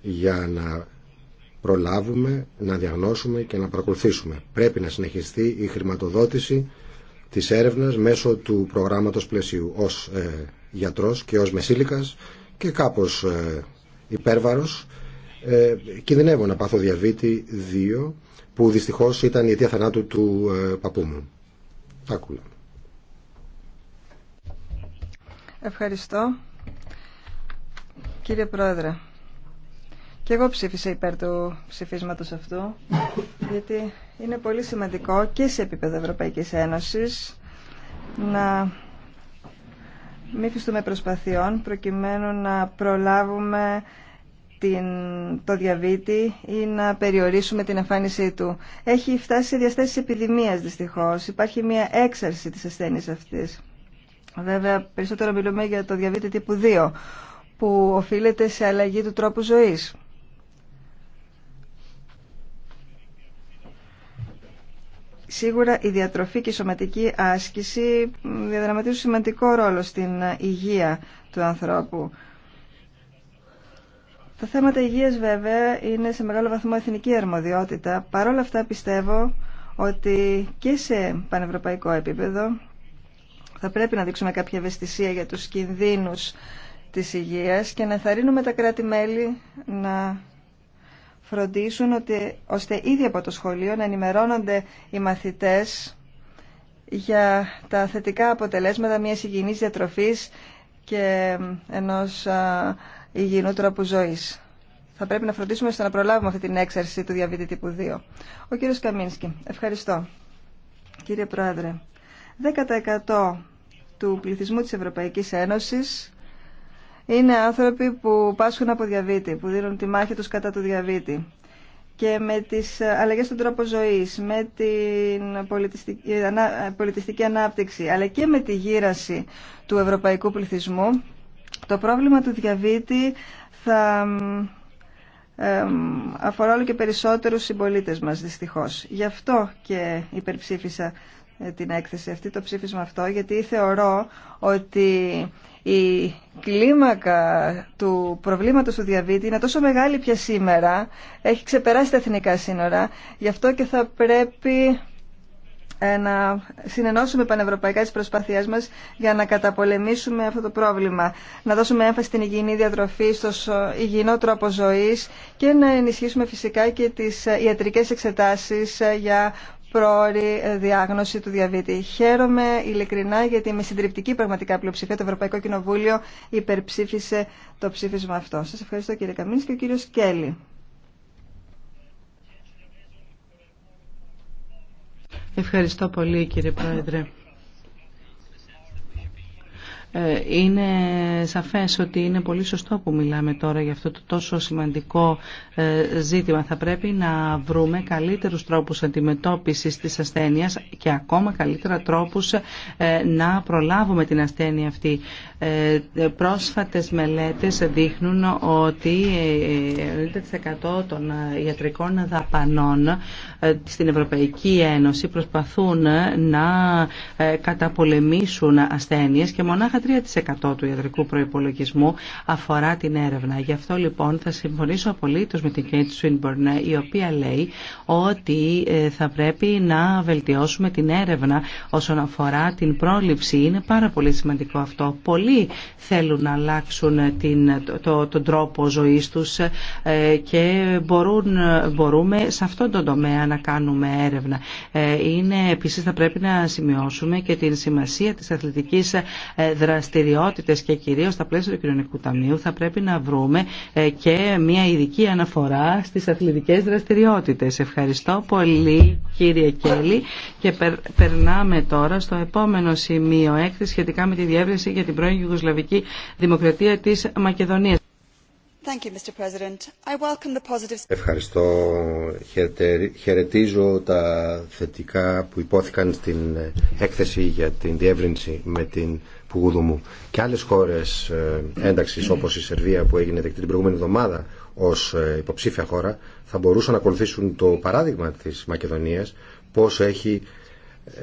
για να προλάβουμε, να διαγνώσουμε και να παρακολουθήσουμε. Πρέπει να συνεχιστεί η χρηματοδότηση της έρευνας μέσω του προγράμματος πλαισίου ως ε, γιατρός και ως μεσήλικας και κάπως ε, υπέρβαρος. Ε, κινδυνεύω να πάθω διαβήτη 2 που δυστυχώς ήταν η αιτία θανάτου του ε, παππού μου. Ευχαριστώ. Κύριε Πρόεδρε, και εγώ ψήφισα υπέρ του ψηφίσματος αυτού, γιατί είναι πολύ σημαντικό και σε επίπεδο Ευρωπαϊκής Ένωσης να μη φυστούμε προσπαθειών προκειμένου να προλάβουμε την, το διαβήτη ή να περιορίσουμε την εμφάνισή του. Έχει φτάσει σε διαστάσεις επιδημίας δυστυχώς. Υπάρχει μια έξαρση της ασθένειας αυτής. Βέβαια, περισσότερο μιλούμε για το διαβήτη τύπου 2, που οφείλεται σε αλλαγή του τρόπου ζωής. Σίγουρα η διατροφή και η σωματική άσκηση διαδραματίζουν σημαντικό ρόλο στην υγεία του ανθρώπου. Τα θέματα υγείας βέβαια είναι σε μεγάλο βαθμό εθνική αρμοδιότητα. Παρ' όλα αυτά πιστεύω ότι και σε πανευρωπαϊκό επίπεδο θα πρέπει να δείξουμε κάποια ευαισθησία για τους κινδύνους της υγείας και να θαρρύνουμε τα κράτη-μέλη να φροντίσουν ότι, ώστε ήδη από το σχολείο να ενημερώνονται οι μαθητές για τα θετικά αποτελέσματα μιας υγιεινής διατροφής και ενός υγιεινού τρόπου ζωή. Θα πρέπει να φροντίσουμε ώστε να προλάβουμε αυτή την έξαρση του διαβήτη τύπου 2. Ο κύριος Καμίνσκι, ευχαριστώ. Κύριε Πρόεδρε, 10% του πληθυσμού της Ευρωπαϊκής Ένωσης είναι άνθρωποι που πάσχουν από διαβήτη, που δίνουν τη μάχη τους κατά του διαβίτη. Και με τις αλλαγές στον τρόπο ζωής, με την πολιτιστική, ε, ε, πολιτιστική ανάπτυξη, αλλά και με τη γύραση του ευρωπαϊκού πληθυσμού, το πρόβλημα του διαβήτη θα αφορά όλο και περισσότερους συμπολίτε μας δυστυχώς. Γι' αυτό και υπερψήφισα ε, την έκθεση αυτή, το ψήφισμα αυτό, γιατί θεωρώ ότι η κλίμακα του προβλήματος του διαβήτη είναι τόσο μεγάλη πια σήμερα, έχει ξεπεράσει τα εθνικά σύνορα, γι' αυτό και θα πρέπει ε, να συνενώσουμε πανευρωπαϊκά τις προσπάθειές μας για να καταπολεμήσουμε αυτό το πρόβλημα. Να δώσουμε έμφαση στην υγιεινή διατροφή, στο υγιεινό τρόπο ζωής και να ενισχύσουμε φυσικά και τις ε, ιατρικές εξετάσεις ε, για πρόορη διάγνωση του διαβήτη. Χαίρομαι ειλικρινά γιατί με συντριπτική πραγματικά πλειοψηφία το Ευρωπαϊκό Κοινοβούλιο υπερψήφισε το ψήφισμα αυτό. Σας ευχαριστώ κύριε Καμίνης και ο κύριος Κέλλη. Ευχαριστώ πολύ κύριε Πρόεδρε. Ε, είναι σαφές ότι είναι πολύ σωστό που μιλάμε τώρα για αυτό το τόσο σημαντικό ε, ζήτημα. Θα πρέπει να βρούμε καλύτερους τρόπους αντιμετώπισης της ασθένειας και ακόμα καλύτερα τρόπους ε, να προλάβουμε την ασθένεια αυτή. Ε, πρόσφατες μελέτες δείχνουν ότι 90% ε, ε, των ιατρικών δαπανών στην Ευρωπαϊκή Ένωση προσπαθούν να καταπολεμήσουν ασθένειες και μονάχα 3% του ιατρικού προϋπολογισμού αφορά την έρευνα. Γι' αυτό λοιπόν θα συμφωνήσω απολύτως με την Κέντ Σουίνμπορν η οποία λέει ότι θα πρέπει να βελτιώσουμε την έρευνα όσον αφορά την πρόληψη. Είναι πάρα πολύ σημαντικό αυτό. Πολύ θέλουν να αλλάξουν την, τον τρόπο ζωής τους ε, και μπορούν, μπορούμε σε αυτόν τον τομέα να κάνουμε έρευνα. Ε, είναι, επίσης θα πρέπει να σημειώσουμε και την σημασία της αθλητικής ε, δραστηριότητας και κυρίως στα πλαίσια του κοινωνικού ταμείου θα πρέπει να βρούμε και μια ειδική αναφορά στις αθλητικές δραστηριότητες. Ευχαριστώ πολύ κύριε Κέλλη και περνάμε τώρα στο επόμενο σημείο έκθεση σχετικά με τη διεύρυνση για την πρώην Ιουγκοσλαβική Δημοκρατία της Μακεδονίας. Ευχαριστώ. Χαιρετίζω τα θετικά που υπόθηκαν στην έκθεση για την διεύρυνση με την μου Και άλλες χώρες ε, ένταξης όπως η Σερβία που έγινε δεκτή την προηγούμενη εβδομάδα ως ε, υποψήφια χώρα θα μπορούσαν να ακολουθήσουν το παράδειγμα της Μακεδονίας πώς έχει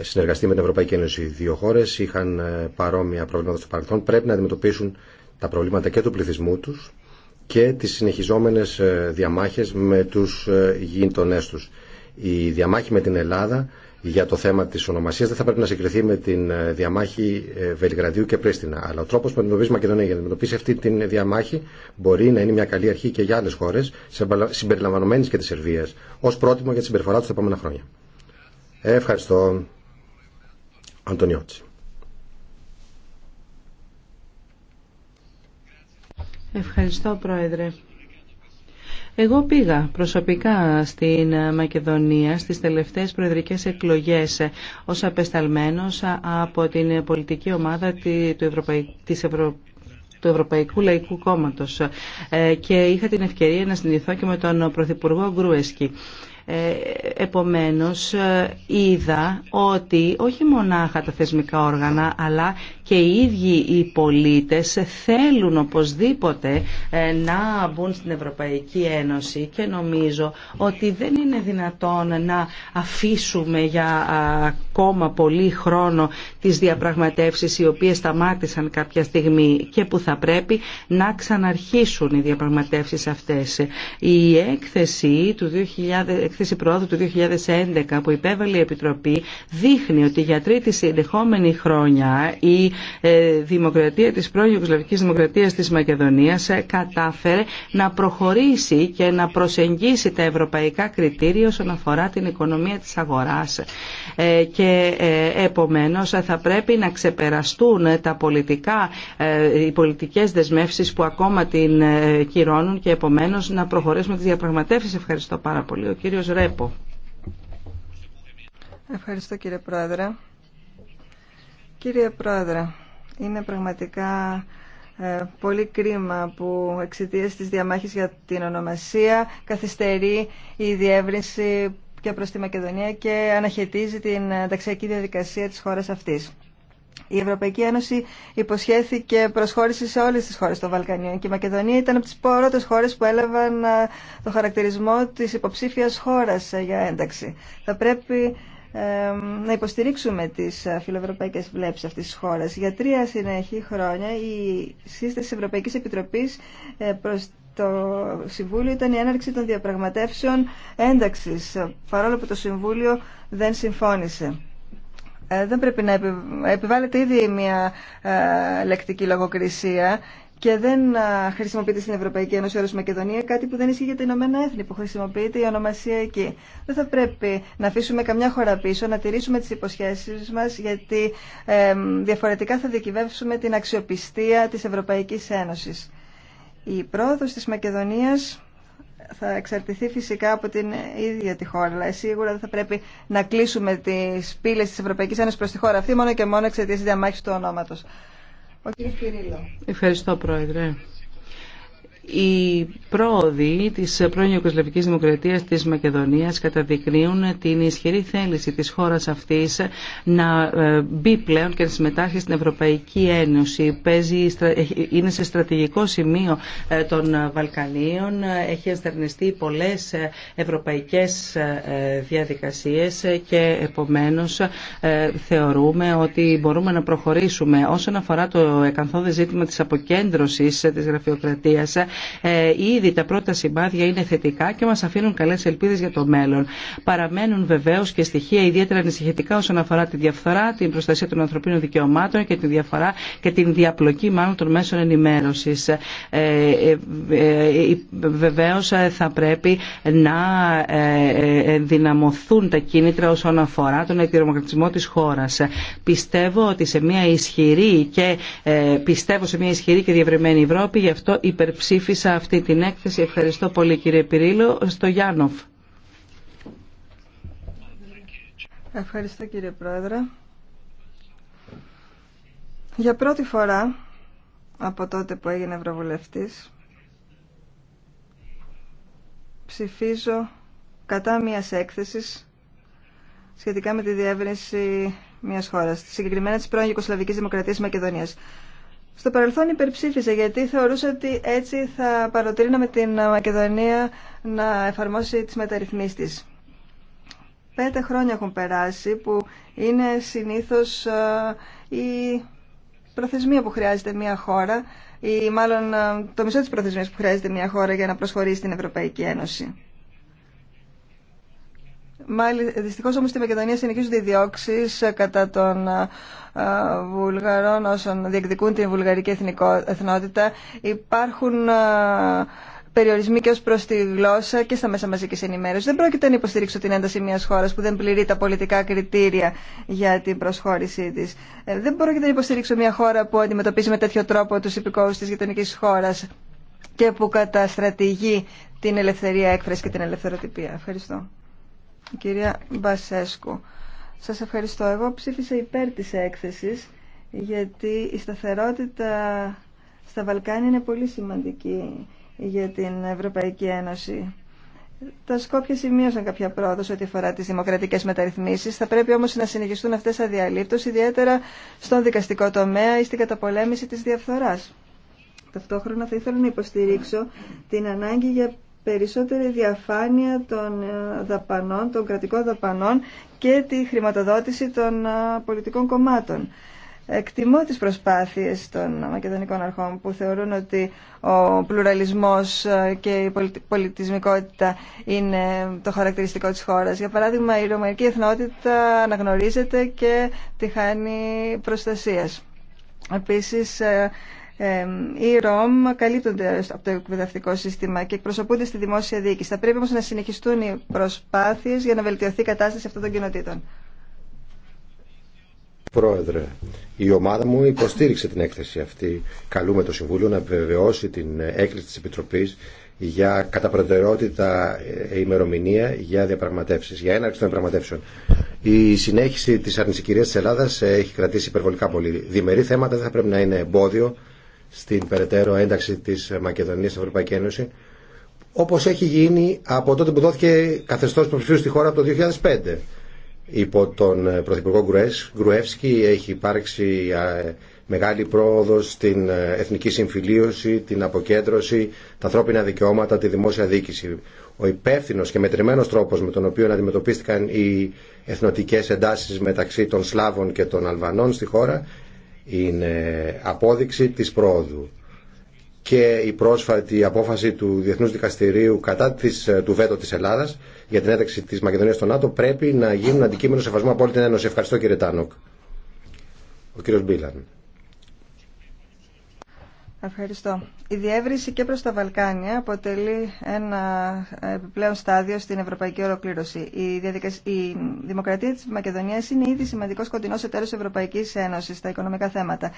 συνεργαστεί με την Ευρωπαϊκή Ένωση. Οι δύο χώρε είχαν ε, παρόμοια προβλήματα στο παρελθόν. Πρέπει να αντιμετωπίσουν τα προβλήματα και του πληθυσμού του και τι συνεχιζόμενε ε, διαμάχε με του ε, γείτονέ του. Η διαμάχη με την Ελλάδα για το θέμα τη ονομασία δεν θα πρέπει να συγκριθεί με την διαμάχη Βελιγραδίου και Πρίστινα. Αλλά ο τρόπο που αντιμετωπίζει η Μακεδονία για να αντιμετωπίσει αυτή τη διαμάχη μπορεί να είναι μια καλή αρχή και για άλλε χώρε, συμπεριλαμβανομένη και τη Σερβία, ω πρότυπο για τη συμπεριφορά του τα επόμενα χρόνια. Ευχαριστώ. Αντωνιώτση. Ευχαριστώ Πρόεδρε. Εγώ πήγα προσωπικά στην Μακεδονία στις τελευταίες προεδρικές εκλογές ως απεσταλμένος από την πολιτική ομάδα του του Ευρωπαϊκού Λαϊκού Κόμματος ε, και είχα την ευκαιρία να συνειδηθώ και με τον Πρωθυπουργό Γκρούεσκι. Ε, επομένως ε, είδα ότι όχι μονάχα τα θεσμικά όργανα αλλά και οι ίδιοι οι πολίτες θέλουν οπωσδήποτε ε, να μπουν στην Ευρωπαϊκή Ένωση και νομίζω ότι δεν είναι δυνατόν να αφήσουμε για ακόμα πολύ χρόνο τις διαπραγματεύσεις οι οποίες σταμάτησαν κάποια στιγμή και που θα πρέπει να ξαναρχίσουν οι διαπραγματεύσεις αυτές. Η έκθεση του 2000 έκθεση προόδου του 2011 που υπέβαλε η Επιτροπή δείχνει ότι για τρίτη συνεχόμενη χρόνια η ε, δημοκρατία της πρώην Ιουγκοσλαβικής Δημοκρατίας της Μακεδονίας ε, κατάφερε να προχωρήσει και να προσεγγίσει τα ευρωπαϊκά κριτήρια όσον αφορά την οικονομία της αγοράς ε, και επομένως θα πρέπει να ξεπεραστούν τα πολιτικά, οι πολιτικές δεσμεύσεις που ακόμα την κυρώνουν και επομένως να προχωρήσουμε τις διαπραγματεύσεις. Ευχαριστώ πάρα πολύ. Ευχαριστώ κύριε Πρόεδρε. Κύριε Πρόεδρε, είναι πραγματικά ε, πολύ κρίμα που εξαιτία της διαμάχης για την ονομασία καθυστερεί η διεύρυνση και προς τη Μακεδονία και αναχαιτίζει την ε, ταξιακή διαδικασία της χώρας αυτής. Η Ευρωπαϊκή Ένωση υποσχέθηκε προσχώρηση σε όλες τις χώρες των Βαλκανίων και η Μακεδονία ήταν από τις πρώτες χώρες που έλαβαν το χαρακτηρισμό της υποψήφιας χώρας ε, για ένταξη. Θα πρέπει να υποστηρίξουμε τις ε, φιλοευρωπαϊκές βλέψεις αυτής της χώρας. Για τρία συνεχή χρόνια η σύσταση της Ευρωπαϊκής Επιτροπής ε, προς το Συμβούλιο ήταν η έναρξη των διαπραγματεύσεων ένταξης, παρόλο που το Συμβούλιο δεν συμφώνησε. Ε, δεν πρέπει να επιβάλλεται ήδη μια ε, λεκτική λογοκρισία και δεν ε, χρησιμοποιείται στην Ευρωπαϊκή Ένωση όρος Μακεδονία, κάτι που δεν ισχύει για τα Ηνωμένα Έθνη που χρησιμοποιείται η ονομασία εκεί. Δεν θα πρέπει να αφήσουμε καμιά χώρα πίσω, να τηρήσουμε τις υποσχέσεις μας, γιατί διαφορετικά θα δικηβεύσουμε την αξιοπιστία της Ευρωπαϊκής Ένωσης. Η πρόοδος της Μακεδονίας θα εξαρτηθεί φυσικά από την ίδια τη χώρα. Αλλά σίγουρα δεν θα πρέπει να κλείσουμε τι πύλε τη Ευρωπαϊκή Ένωση προ τη χώρα αυτή μόνο και μόνο εξαιτία τη διαμάχη του ονόματο. Ο κ. Κυρίλο. Ευχαριστώ, Πρόεδρε. Οι πρόοδοι της πρώην Ιουκοσλαβικής Δημοκρατίας της Μακεδονίας καταδεικνύουν την ισχυρή θέληση της χώρας αυτής να ε, μπει πλέον και να συμμετάσχει στην Ευρωπαϊκή Ένωση. Ε, είναι σε στρατηγικό σημείο ε, των Βαλκανίων, έχει ενστερνιστεί πολλές ευρωπαϊκές διαδικασίες και επομένως θεωρούμε ότι μπορούμε να προχωρήσουμε. Όσον αφορά το εκανθόδε ζήτημα της αποκέντρωσης της γραφειοκρατίας, ε, ήδη τα πρώτα σημάδια είναι θετικά και μας αφήνουν καλές ελπίδες για το μέλλον. Παραμένουν βεβαίως και στοιχεία ιδιαίτερα ανησυχητικά όσον αφορά τη διαφθορά, την προστασία των ανθρωπίνων δικαιωμάτων και τη διαφορά και την διαπλοκή μάλλον των μέσων ενημέρωσης. Ε, ε, βεβαίως θα πρέπει να δυναμωθούν τα κίνητρα όσον αφορά τον εκδημοκρατισμό της χώρας. Πιστεύω ότι σε μια ισχυρή και πιστεύω σε μια ισχυρή και διευρυμένη Ευρώπη, γι' αυτό ψήφισα αυτή την έκθεση. Ευχαριστώ πολύ κύριε Πυρίλο. Στο Γιάννοφ. Ευχαριστώ κύριε Πρόεδρε. Για πρώτη φορά από τότε που έγινε Ευρωβουλευτής ψηφίζω κατά μιας έκθεσης σχετικά με τη διεύρυνση μιας χώρας, συγκεκριμένα της πρώην Ιουκοσλαβικής Δημοκρατίας Μακεδονίας. Στο παρελθόν υπερψήφιζε γιατί θεωρούσε ότι έτσι θα παροτρύναμε την Μακεδονία να εφαρμόσει τις μεταρρυθμίσεις της. Πέντε χρόνια έχουν περάσει που είναι συνήθως ε, η προθεσμία που χρειάζεται μια χώρα ή μάλλον ε, το μισό της προθεσμίας που χρειάζεται μια χώρα για να προσχωρήσει στην Ευρωπαϊκή Ένωση. Μάλιστα, δυστυχώς όμως στη Μακεδονία συνεχίζονται οι διώξει ε, κατά των ε, ε, Βουλγαρών όσων διεκδικούν την βουλγαρική εθνικό, εθνότητα. Υπάρχουν περιορισμοί και ω προ τη γλώσσα και στα μέσα μαζική ενημέρωση. Δεν πρόκειται να υποστηρίξω την ένταση μια χώρα που δεν πληρεί τα πολιτικά κριτήρια για την προσχώρησή τη. Δεν πρόκειται να υποστηρίξω μια χώρα που αντιμετωπίζει με τέτοιο τρόπο του υπηκόου τη γειτονική χώρα και που καταστρατηγεί την ελευθερία έκφραση και την ελευθεροτυπία. Ευχαριστώ η κυρία Μπασέσκου. Σας ευχαριστώ. Εγώ ψήφισα υπέρ της έκθεσης γιατί η σταθερότητα στα Βαλκάνια είναι πολύ σημαντική για την Ευρωπαϊκή Ένωση. Τα Σκόπια σημείωσαν κάποια πρόοδο ό,τι αφορά τι δημοκρατικέ μεταρρυθμίσει. Θα πρέπει όμω να συνεχιστούν αυτέ αδιαλείπτω, ιδιαίτερα στον δικαστικό τομέα ή στην καταπολέμηση τη διαφθορά. Ταυτόχρονα θα ήθελα να υποστηρίξω την ανάγκη για περισσότερη διαφάνεια των ε, δαπανών, των κρατικών δαπανών και τη χρηματοδότηση των ε, πολιτικών κομμάτων. Εκτιμώ τις προσπάθειες των μακεδονικών αρχών που θεωρούν ότι ο πλουραλισμός ε, και η πολιτισμικότητα είναι το χαρακτηριστικό της χώρας. Για παράδειγμα, η ρωμαϊκή εθνότητα αναγνωρίζεται και τη χάνει προστασίας. Επίσης, οι ΡΟΜ καλύπτονται από το εκπαιδευτικό σύστημα και εκπροσωπούνται στη δημόσια διοίκηση. Θα πρέπει όμω να συνεχιστούν οι προσπάθειε για να βελτιωθεί η κατάσταση αυτών των κοινοτήτων. Πρόεδρε, η ομάδα μου υποστήριξε την έκθεση αυτή. Καλούμε το Συμβούλιο να βεβαιώσει την έκκληση τη Επιτροπή για κατά προτεραιότητα ε, ημερομηνία για διαπραγματεύσει, για έναρξη των διαπραγματεύσεων. Η συνέχιση τη αρνησικυρία τη Ελλάδα έχει κρατήσει υπερβολικά πολύ. Διμερεί θέματα δεν θα πρέπει να είναι εμπόδιο στην περαιτέρω ένταξη τη Μακεδονία στην Ευρωπαϊκή Ένωση όπω έχει γίνει από τότε που δόθηκε καθεστώ υποψηφίου στη χώρα από το 2005. Υπό τον ε, Πρωθυπουργό Γκρουεύσκη έχει υπάρξει μεγάλη πρόοδο στην ε, εθνική συμφιλίωση, την αποκέντρωση, τα ανθρώπινα δικαιώματα, τη δημόσια δίκηση. Ο υπεύθυνο και μετρημένο τρόπο με τον οποίο αντιμετωπίστηκαν οι εθνοτικέ εντάσει μεταξύ των Σλάβων και των Αλβανών στη χώρα είναι απόδειξη της πρόοδου και η πρόσφατη απόφαση του Διεθνούς Δικαστηρίου κατά της, του βέτο της Ελλάδας για την ένταξη της Μακεδονίας στο ΝΑΤΟ πρέπει να γίνουν αντικείμενο σεβασμού από όλη την Ένωση. Ευχαριστώ κύριε Τάνοκ. Ο κύριος Μπίλαν. Ευχαριστώ. Η διεύρυνση και προς τα Βαλκάνια αποτελεί ένα επιπλέον στάδιο στην ευρωπαϊκή ολοκλήρωση. Η, η δημοκρατία της Μακεδονίας είναι ήδη σημαντικός κοντινός εταίρος Ευρωπαϊκής Ένωσης στα οικονομικά θέματα.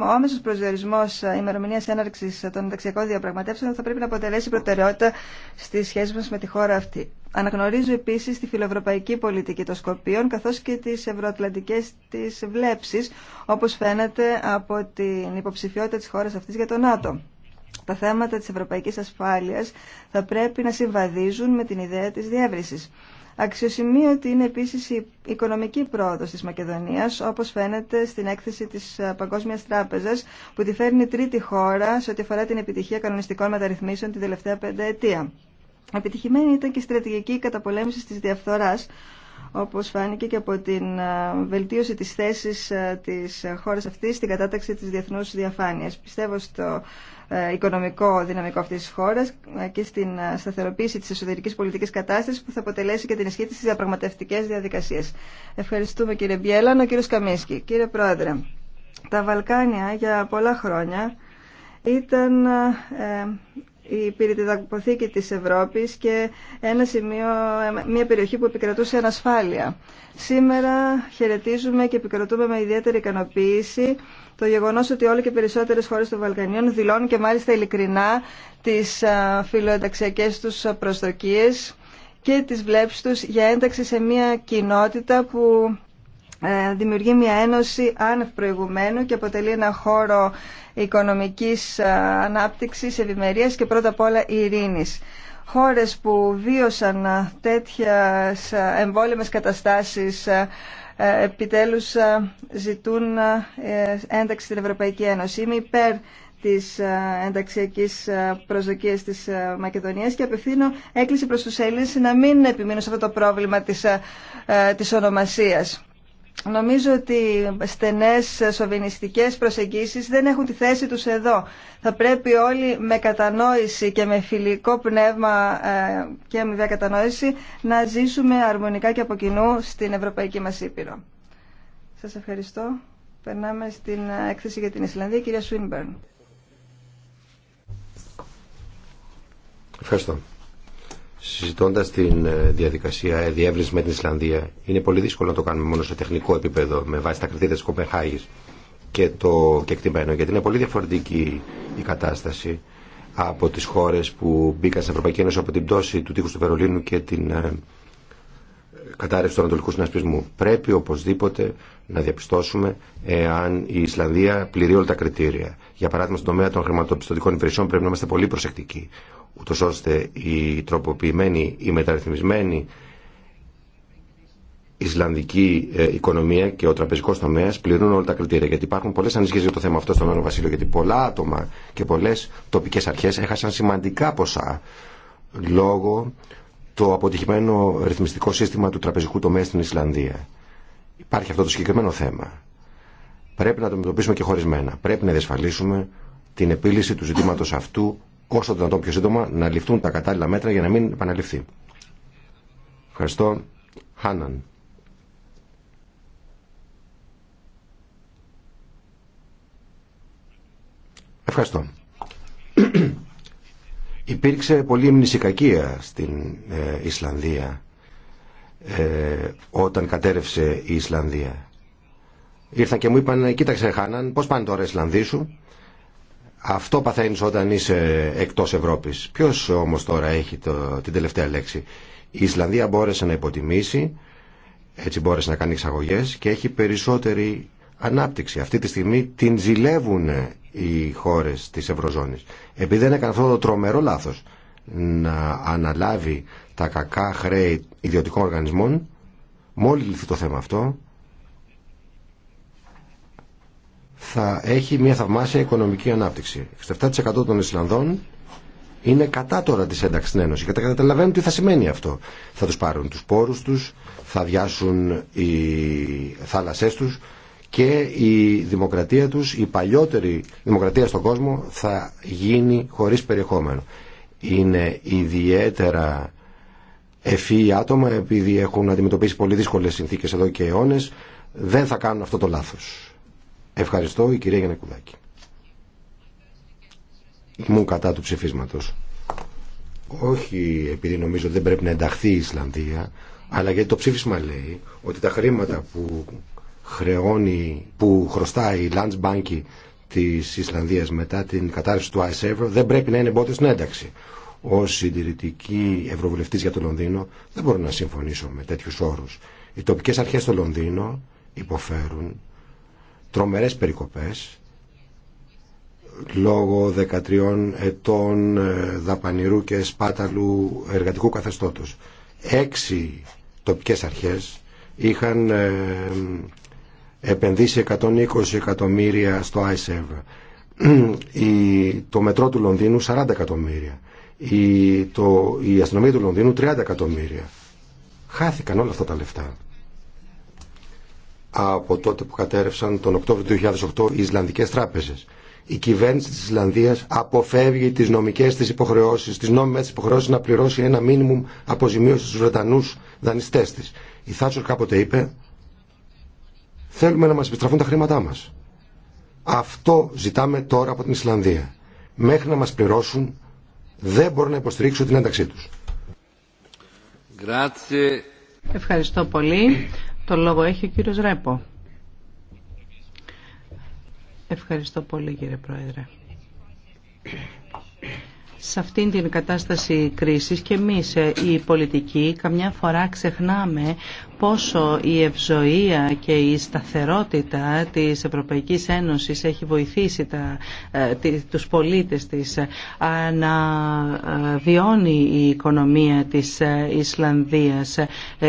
Ο άμεσος προσδιορισμός ημερομηνία έναρξης των ενταξιακών διαπραγματεύσεων θα πρέπει να αποτελέσει προτεραιότητα στη σχέση μας με τη χώρα αυτή. Αναγνωρίζω επίση τη φιλοευρωπαϊκή πολιτική των Σκοπίων καθώ και τι ευρωατλαντικέ τη βλέψεις όπω φαίνεται από την υποψηφιότητα τη χώρα αυτή για το ΝΑΤΟ. Τα θέματα τη Ευρωπαϊκή ασφάλεια θα πρέπει να συμβαδίζουν με την ιδέα της διεύρυνση. Αξιοσημείωτη είναι επίση η οικονομική πρόοδο τη Μακεδονία, όπω φαίνεται στην έκθεση τη Παγκόσμια Τράπεζα, που τη φέρνει τρίτη χώρα σε ό,τι αφορά την επιτυχία κανονιστικών μεταρρυθμίσεων την τελευταία πενταετία. Επιτυχημένη ήταν και η στρατηγική καταπολέμηση της διαφθοράς, όπως φάνηκε και από την ε, βελτίωση της θέσης ε, της χώρας αυτής στην κατάταξη της διεθνούς διαφάνειας. Πιστεύω στο ε, οικονομικό δυναμικό αυτής της χώρας και στην σταθεροποίηση της εσωτερικής πολιτικής κατάστασης που θα αποτελέσει και την ισχύ της διαπραγματευτικές διαδικασίες. Ευχαριστούμε κύριε Μπιέλαν, ο κύριος Καμίσκι. Κύριε Πρόεδρε, τα Βαλκάνια για πολλά χρόνια ήταν η πυρητιδακοποθήκη της Ευρώπης και ένα σημείο, μια περιοχή που επικρατούσε ανασφάλεια. Σήμερα χαιρετίζουμε και επικρατούμε με ιδιαίτερη ικανοποίηση το γεγονός ότι όλο και περισσότερες χώρες των Βαλκανίων δηλώνουν και μάλιστα ειλικρινά τις φιλοενταξιακές τους προσδοκίες και τις βλέψεις τους για ένταξη σε μια κοινότητα που ε, δημιουργεί μια ένωση άνευ προηγουμένου και αποτελεί ένα χώρο οικονομικής ε, ανάπτυξης, ευημερίας και πρώτα απ' όλα ειρήνης. Χώρες που βίωσαν ε, τέτοια εμβόλυμες καταστάσεις επιτέλους ζητούν ένταξη στην Ευρωπαϊκή Ένωση. Είμαι υπέρ της ενταξιακής προσδοκίας της Μακεδονίας και απευθύνω έκκληση προς τους Έλληνες να μην επιμείνουν σε αυτό το πρόβλημα της, της ονομασίας. Νομίζω ότι στενές σοβινιστικές προσεγγίσεις δεν έχουν τη θέση τους εδώ. Θα πρέπει όλοι με κατανόηση και με φιλικό πνεύμα ε, και αμοιβαία κατανόηση να ζήσουμε αρμονικά και από κοινού στην Ευρωπαϊκή μας Ήπειρο. Σας ευχαριστώ. Περνάμε στην έκθεση για την Ισλανδία. Κυρία Σουίνμπερν. Ευχαριστώ συζητώντας την ε, διαδικασία διεύρυνση με την Ισλανδία, είναι πολύ δύσκολο να το κάνουμε μόνο σε τεχνικό επίπεδο με βάση τα κριτήρια της Κοπενχάγης και το κεκτημένο, γιατί είναι πολύ διαφορετική η κατάσταση από τις χώρες που μπήκαν στην Ευρωπαϊκή Ένωση από την πτώση του τείχους του Βερολίνου και την ε, κατάρρευση του Ανατολικού Συνασπισμού. Πρέπει οπωσδήποτε να διαπιστώσουμε εάν η Ισλανδία πληρεί όλα τα κριτήρια. Για παράδειγμα, στον τομέα των χρηματοπιστωτικών υπηρεσιών πρέπει να είμαστε πολύ προσεκτικοί ούτως ώστε η τροποποιημένη, η μεταρρυθμισμένη Ισλανδική ε, οικονομία και ο τραπεζικό τομέα πληρούν όλα τα κριτήρια. Γιατί υπάρχουν πολλέ ανησυχίε για το θέμα αυτό στον Άνω Βασίλειο. Γιατί πολλά άτομα και πολλέ τοπικέ αρχέ έχασαν σημαντικά ποσά λόγω το αποτυχημένο ρυθμιστικό σύστημα του τραπεζικού τομέα στην Ισλανδία. Υπάρχει αυτό το συγκεκριμένο θέμα. Πρέπει να το αντιμετωπίσουμε και χωρισμένα. Πρέπει να διασφαλίσουμε την επίλυση του ζητήματο αυτού όσο το δυνατόν πιο σύντομα να ληφθούν τα κατάλληλα μέτρα για να μην επαναληφθεί. Ευχαριστώ. Χάναν. Ευχαριστώ. Υπήρξε πολύ μνησικακία στην ε, Ισλανδία ε, όταν κατέρευσε η Ισλανδία. Ήρθαν και μου είπαν, κοίταξε Χάναν, πώς πάνε τώρα οι Ισλανδοί σου. Αυτό παθαίνει όταν είσαι εκτός Ευρώπης. Ποιος όμως τώρα έχει το, την τελευταία λέξη. Η Ισλανδία μπόρεσε να υποτιμήσει, έτσι μπόρεσε να κάνει εξαγωγέ και έχει περισσότερη ανάπτυξη. Αυτή τη στιγμή την ζηλεύουν οι χώρες της Ευρωζώνης. Επειδή δεν έκανε αυτό το τρομερό λάθος να αναλάβει τα κακά χρέη ιδιωτικών οργανισμών, μόλι λυθεί το θέμα αυτό, θα έχει μια θαυμάσια οικονομική ανάπτυξη. 67% των Ισλανδών είναι κατά τώρα τη ένταξη στην Ένωση και καταλαβαίνουν τι θα σημαίνει αυτό. Θα του πάρουν του πόρου του, θα διάσουν οι θάλασσέ του και η δημοκρατία του, η παλιότερη δημοκρατία στον κόσμο θα γίνει χωρί περιεχόμενο. Είναι ιδιαίτερα ευφύοι άτομα επειδή έχουν αντιμετωπίσει πολύ δύσκολε συνθήκε εδώ και αιώνε, δεν θα κάνουν αυτό το λάθος. Ευχαριστώ η κυρία Γιανακουδάκη. Μου κατά του ψηφίσματος. Όχι επειδή νομίζω ότι δεν πρέπει να ενταχθεί η Ισλανδία, αλλά γιατί το ψήφισμα λέει ότι τα χρήματα που χρεώνει, που χρωστάει η Landsbanki της Ισλανδίας μετά την κατάρρευση του ISEV δεν πρέπει να είναι εμπόδιο στην ένταξη. Ω συντηρητική ευρωβουλευτή για το Λονδίνο δεν μπορώ να συμφωνήσω με τέτοιου όρου. Οι τοπικέ αρχέ στο Λονδίνο υποφέρουν τρομερές περικοπές λόγω 13 ετών ε, δαπανηρού και σπάταλου εργατικού καθεστώτος. Έξι τοπικές αρχές είχαν ε, επενδύσει 120 εκατομμύρια στο ISEV. Το μετρό του Λονδίνου 40 εκατομμύρια. Η, το, η αστυνομία του Λονδίνου 30 εκατομμύρια. Χάθηκαν όλα αυτά τα λεφτά από τότε που κατέρευσαν τον Οκτώβριο του 2008 οι Ισλανδικές τράπεζες. Η κυβέρνηση της Ισλανδίας αποφεύγει τις νομικές της υποχρεώσεις, τις νόμιμες υποχρεώσεις να πληρώσει ένα μίνιμουμ αποζημίωση στους Βρετανούς δανειστές της. Η Θάτσορ κάποτε είπε «Θέλουμε να μας επιστραφούν τα χρήματά μας». Αυτό ζητάμε τώρα από την Ισλανδία. Μέχρι να μας πληρώσουν δεν μπορώ να υποστηρίξω την ένταξή τους. Ευχαριστώ πολύ. Το λόγο έχει ο κύριος Ρέπο. Ευχαριστώ πολύ κύριε Πρόεδρε σε αυτήν την κατάσταση κρίσης και εμείς ε, οι πολιτικοί καμιά φορά ξεχνάμε πόσο η ευζοία και η σταθερότητα της Ευρωπαϊκής Ένωσης έχει βοηθήσει τα, ε, τους πολίτες της ε, να βιώνει η οικονομία της Ισλανδίας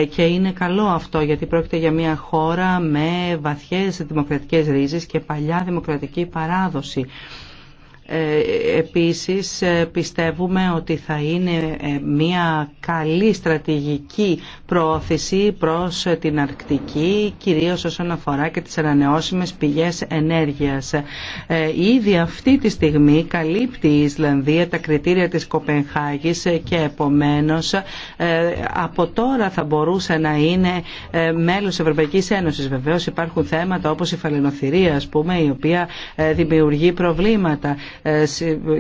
και είναι καλό αυτό γιατί πρόκειται για μια χώρα με βαθιές δημοκρατικές ρίζες και παλιά δημοκρατική παράδοση. Ε, επίσης ε, πιστεύουμε ότι θα είναι ε, μια καλή στρατηγική προώθηση προς την Αρκτική, κυρίως όσον αφορά και τις ανανεώσιμες πηγές ενέργειας. Ήδη αυτή τη στιγμή καλύπτει η Ισλανδία τα κριτήρια της Κοπενχάγης και επομένως από τώρα θα μπορούσε να είναι μέλος Ευρωπαϊκής Ένωσης. Βεβαίως υπάρχουν θέματα όπως η φαλαινοθυρία, πούμε, η οποία δημιουργεί προβλήματα ε,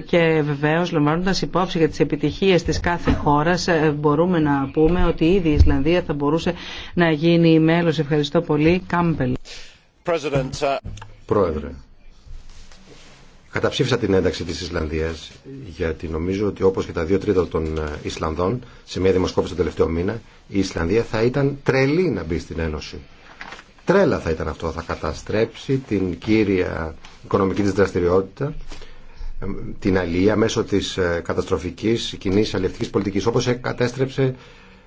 και βεβαίως λαμβάνοντας υπόψη για τις επιτυχίες της κάθε χώρας ε, μπορούμε να πούμε ότι ήδη η Ισλανδία θα μπορούσε να γίνει μέλος. Ευχαριστώ πολύ. Κάμπελ. Uh, Πρόεδρε, καταψήφισα την ένταξη της Ισλανδίας γιατί νομίζω ότι όπως και τα δύο τρίτα των ε, Ισλανδών σε μια δημοσκόπηση τον τελευταίο μήνα η Ισλανδία θα ήταν τρελή να μπει στην Ένωση. Τρέλα θα ήταν αυτό, θα καταστρέψει την κύρια οικονομική της δραστηριότητα την αλληλεία μέσω της ε, καταστροφικής κοινή αλληλευτικής πολιτικής όπως κατέστρεψε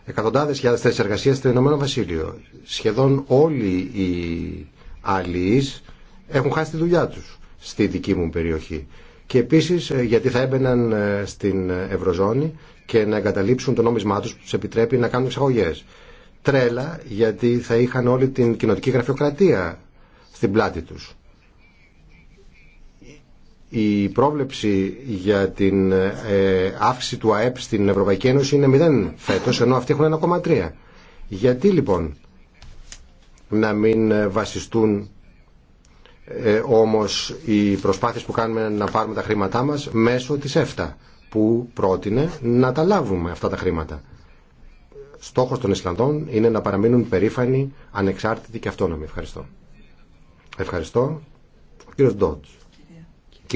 εκατοντάδες χιλιάδες θέσεις εργασίας στο Ηνωμένο Βασίλειο. Σχεδόν όλοι οι αλληλείς έχουν χάσει τη δουλειά τους στη δική μου περιοχή. Και επίσης ε, γιατί θα έμπαιναν ε, στην Ευρωζώνη και να εγκαταλείψουν το νόμισμά τους που τους επιτρέπει να κάνουν εξαγωγές. Τρέλα γιατί θα είχαν όλη την κοινοτική γραφειοκρατία στην πλάτη τους η πρόβλεψη για την ε, αύξηση του ΑΕΠ στην Ευρωπαϊκή Ένωση είναι 0 φέτος, ενώ αυτοί έχουν 1,3. Γιατί λοιπόν να μην ε, βασιστούν ε, όμως οι προσπάθειες που κάνουμε να πάρουμε τα χρήματά μας μέσω της ΕΦΤΑ που πρότεινε να τα λάβουμε αυτά τα χρήματα. Στόχος των Ισλανδών είναι να παραμείνουν περήφανοι, ανεξάρτητοι και αυτόνομοι. Ευχαριστώ. Ευχαριστώ. Ο κύριος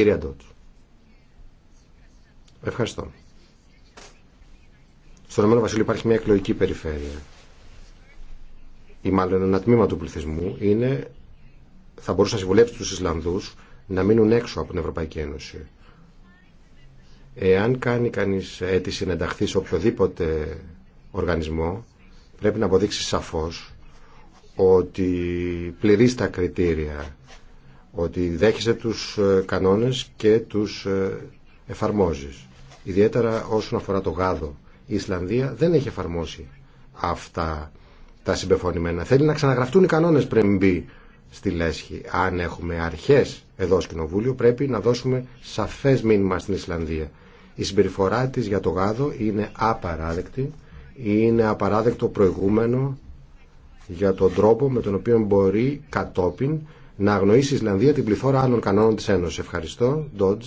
Κυρία Ευχαριστώ. Στον Ηνωμένο Βασίλειο υπάρχει μια εκλογική περιφέρεια. Ή μάλλον ένα τμήμα του πληθυσμού είναι, θα μπορούσε να συμβουλεύσει του Ισλανδού να μείνουν έξω από την Ευρωπαϊκή Ένωση. Εάν κάνει κανεί αίτηση να ενταχθεί σε οποιοδήποτε οργανισμό, πρέπει να αποδείξει σαφώ ότι πληρεί τα κριτήρια ότι δέχεσαι τους ε, κανόνες και τους ε, εφαρμόζεις. Ιδιαίτερα όσον αφορά το γάδο. Η Ισλανδία δεν έχει εφαρμόσει αυτά τα συμπεφωνημένα. Θέλει να ξαναγραφτούν οι κανόνες πριν μπει στη λέσχη. Αν έχουμε αρχές εδώ στο Κοινοβούλιο πρέπει να δώσουμε σαφές μήνυμα στην Ισλανδία. Η συμπεριφορά της για το γάδο είναι απαράδεκτη. Είναι απαράδεκτο προηγούμενο για τον τρόπο με τον οποίο μπορεί κατόπιν να αγνοήσει η Ισλανδία την πληθώρα άλλων κανόνων της Ένωσης. Ευχαριστώ. Ντότζ.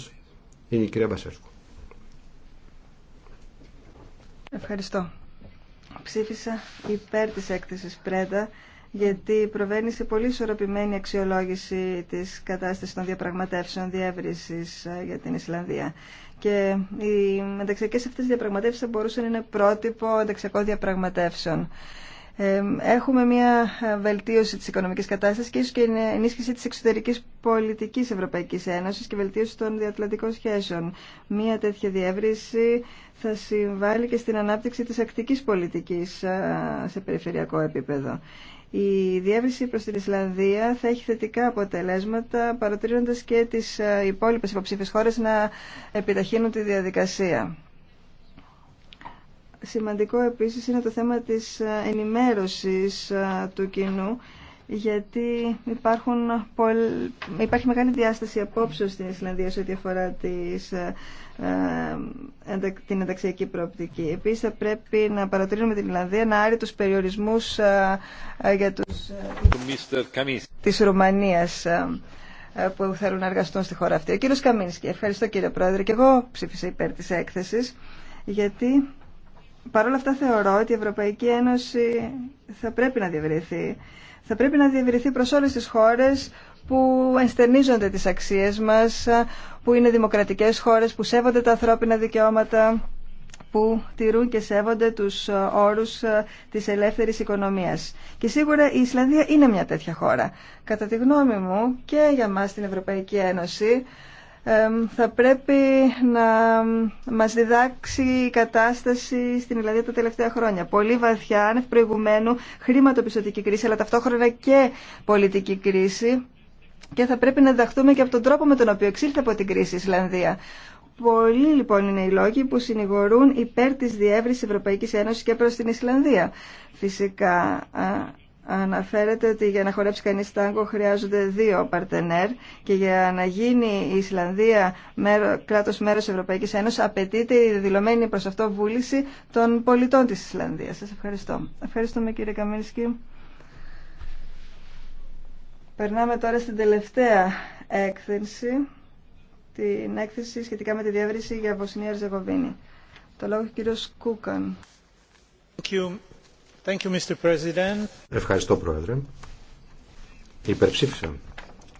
Είναι η κυρία Μπασέσκου. Ευχαριστώ. Ψήφισα υπέρ τη έκθεση Πρέντα γιατί προβαίνει σε πολύ ισορροπημένη αξιολόγηση της κατάστασης των διαπραγματεύσεων διεύρυνσης ε, για την Ισλανδία. Και οι μεταξύ αυτές διαπραγματεύσεις θα μπορούσαν να είναι πρότυπο ενταξιακών διαπραγματεύσεων έχουμε μια ε, βελτίωση της οικονομικής κατάστασης και ίσω και ενίσχυση της εξωτερικής πολιτικής Ευρωπαϊκής Ένωσης και βελτίωση των διατλαντικών σχέσεων. Μια τέτοια διεύρυνση θα συμβάλλει και στην ανάπτυξη της ακτικής πολιτικής ε, σε περιφερειακό επίπεδο. Η διεύρυνση προς την Ισλανδία θα έχει θετικά αποτελέσματα παρατηρώντα και τις ε, υπόλοιπες υποψήφιες χώρες να επιταχύνουν τη διαδικασία. Σημαντικό επίσης είναι το θέμα της ε, ενημέρωσης ε, του κοινού γιατί υπάρχουν υπάρχει μεγάλη διάσταση απόψεως στην Ισλανδία σε ό,τι αφορά τις... Ε, την ενταξιακή προοπτική. Επίσης θα πρέπει να παρατηρήσουμε την Ισλανδία να άρει τους περιορισμούς για τους... της Ρουμανίας που θέλουν να εργαστούν στη χώρα αυτή. Ο κύριος Καμίνσκι, ευχαριστώ κύριε Πρόεδρε και εγώ ψήφισα υπέρ της έκθεσης γιατί Παρ' όλα αυτά θεωρώ ότι η Ευρωπαϊκή Ένωση θα πρέπει να διευρυθεί. Θα πρέπει να διευρυθεί προς όλες τις χώρες που ενστερνίζονται τις αξίες μας, που είναι δημοκρατικές χώρες, που σέβονται τα ανθρώπινα δικαιώματα, που τηρούν και σέβονται τους όρους ε, της ελεύθερης οικονομίας. Και σίγουρα η Ισλανδία είναι μια τέτοια χώρα. Κατά τη γνώμη μου και για μας την Ευρωπαϊκή Ένωση, θα πρέπει να μας διδάξει η κατάσταση στην Ισλανδία τα τελευταία χρόνια. Πολύ βαθιά, άνευ προηγουμένου, χρηματοπιστωτική κρίση, αλλά ταυτόχρονα και πολιτική κρίση. Και θα πρέπει να διδαχθούμε και από τον τρόπο με τον οποίο εξήλθε από την κρίση η Ισλανδία. Πολλοί λοιπόν είναι οι λόγοι που συνηγορούν υπέρ της διεύρυνσης Ευρωπαϊκής Ένωσης και προς την Ισλανδία. Φυσικά Αναφέρεται ότι για να χορέψει κανείς τάγκο χρειάζονται δύο παρτενέρ και για να γίνει η Ισλανδία μέρο, κράτος μέρος Ευρωπαϊκής Ένωσης απαιτείται η δηλωμένη προς αυτό βούληση των πολιτών της Ισλανδίας. Σας ευχαριστώ. Ευχαριστούμε κύριε Καμίνσκι. Περνάμε τώρα στην τελευταία έκθεση, την έκθεση σχετικά με τη διεύρυνση για Βοσνία ριζεγοβινη Το λόγο του κύριος Κούκαν. Ευχαριστώ, Πρόεδρε. Υπερψήφισα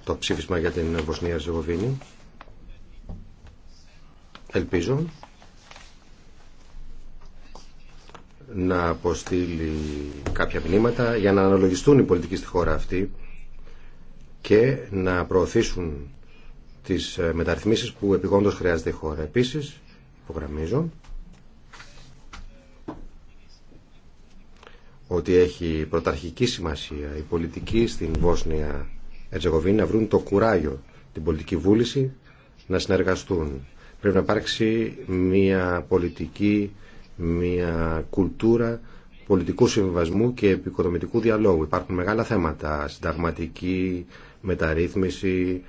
το ψήφισμα για την Βοσνία Ζεγοβίνη. Ελπίζω να αποστείλει κάποια μηνύματα για να αναλογιστούν οι πολιτικοί στη χώρα αυτή και να προωθήσουν τις μεταρρυθμίσεις που επιγόντως χρειάζεται η χώρα. Επίσης, υπογραμμίζω ότι έχει πρωταρχική σημασία οι πολιτικοί στην Βόσνια Ετζεγοβίνη να βρουν το κουράγιο, την πολιτική βούληση να συνεργαστούν. Πρέπει να υπάρξει μια πολιτική, μια κουλτούρα πολιτικού συμβιβασμού και επικοδομητικού διαλόγου. Υπάρχουν μεγάλα θέματα, συνταγματική μεταρρύθμιση,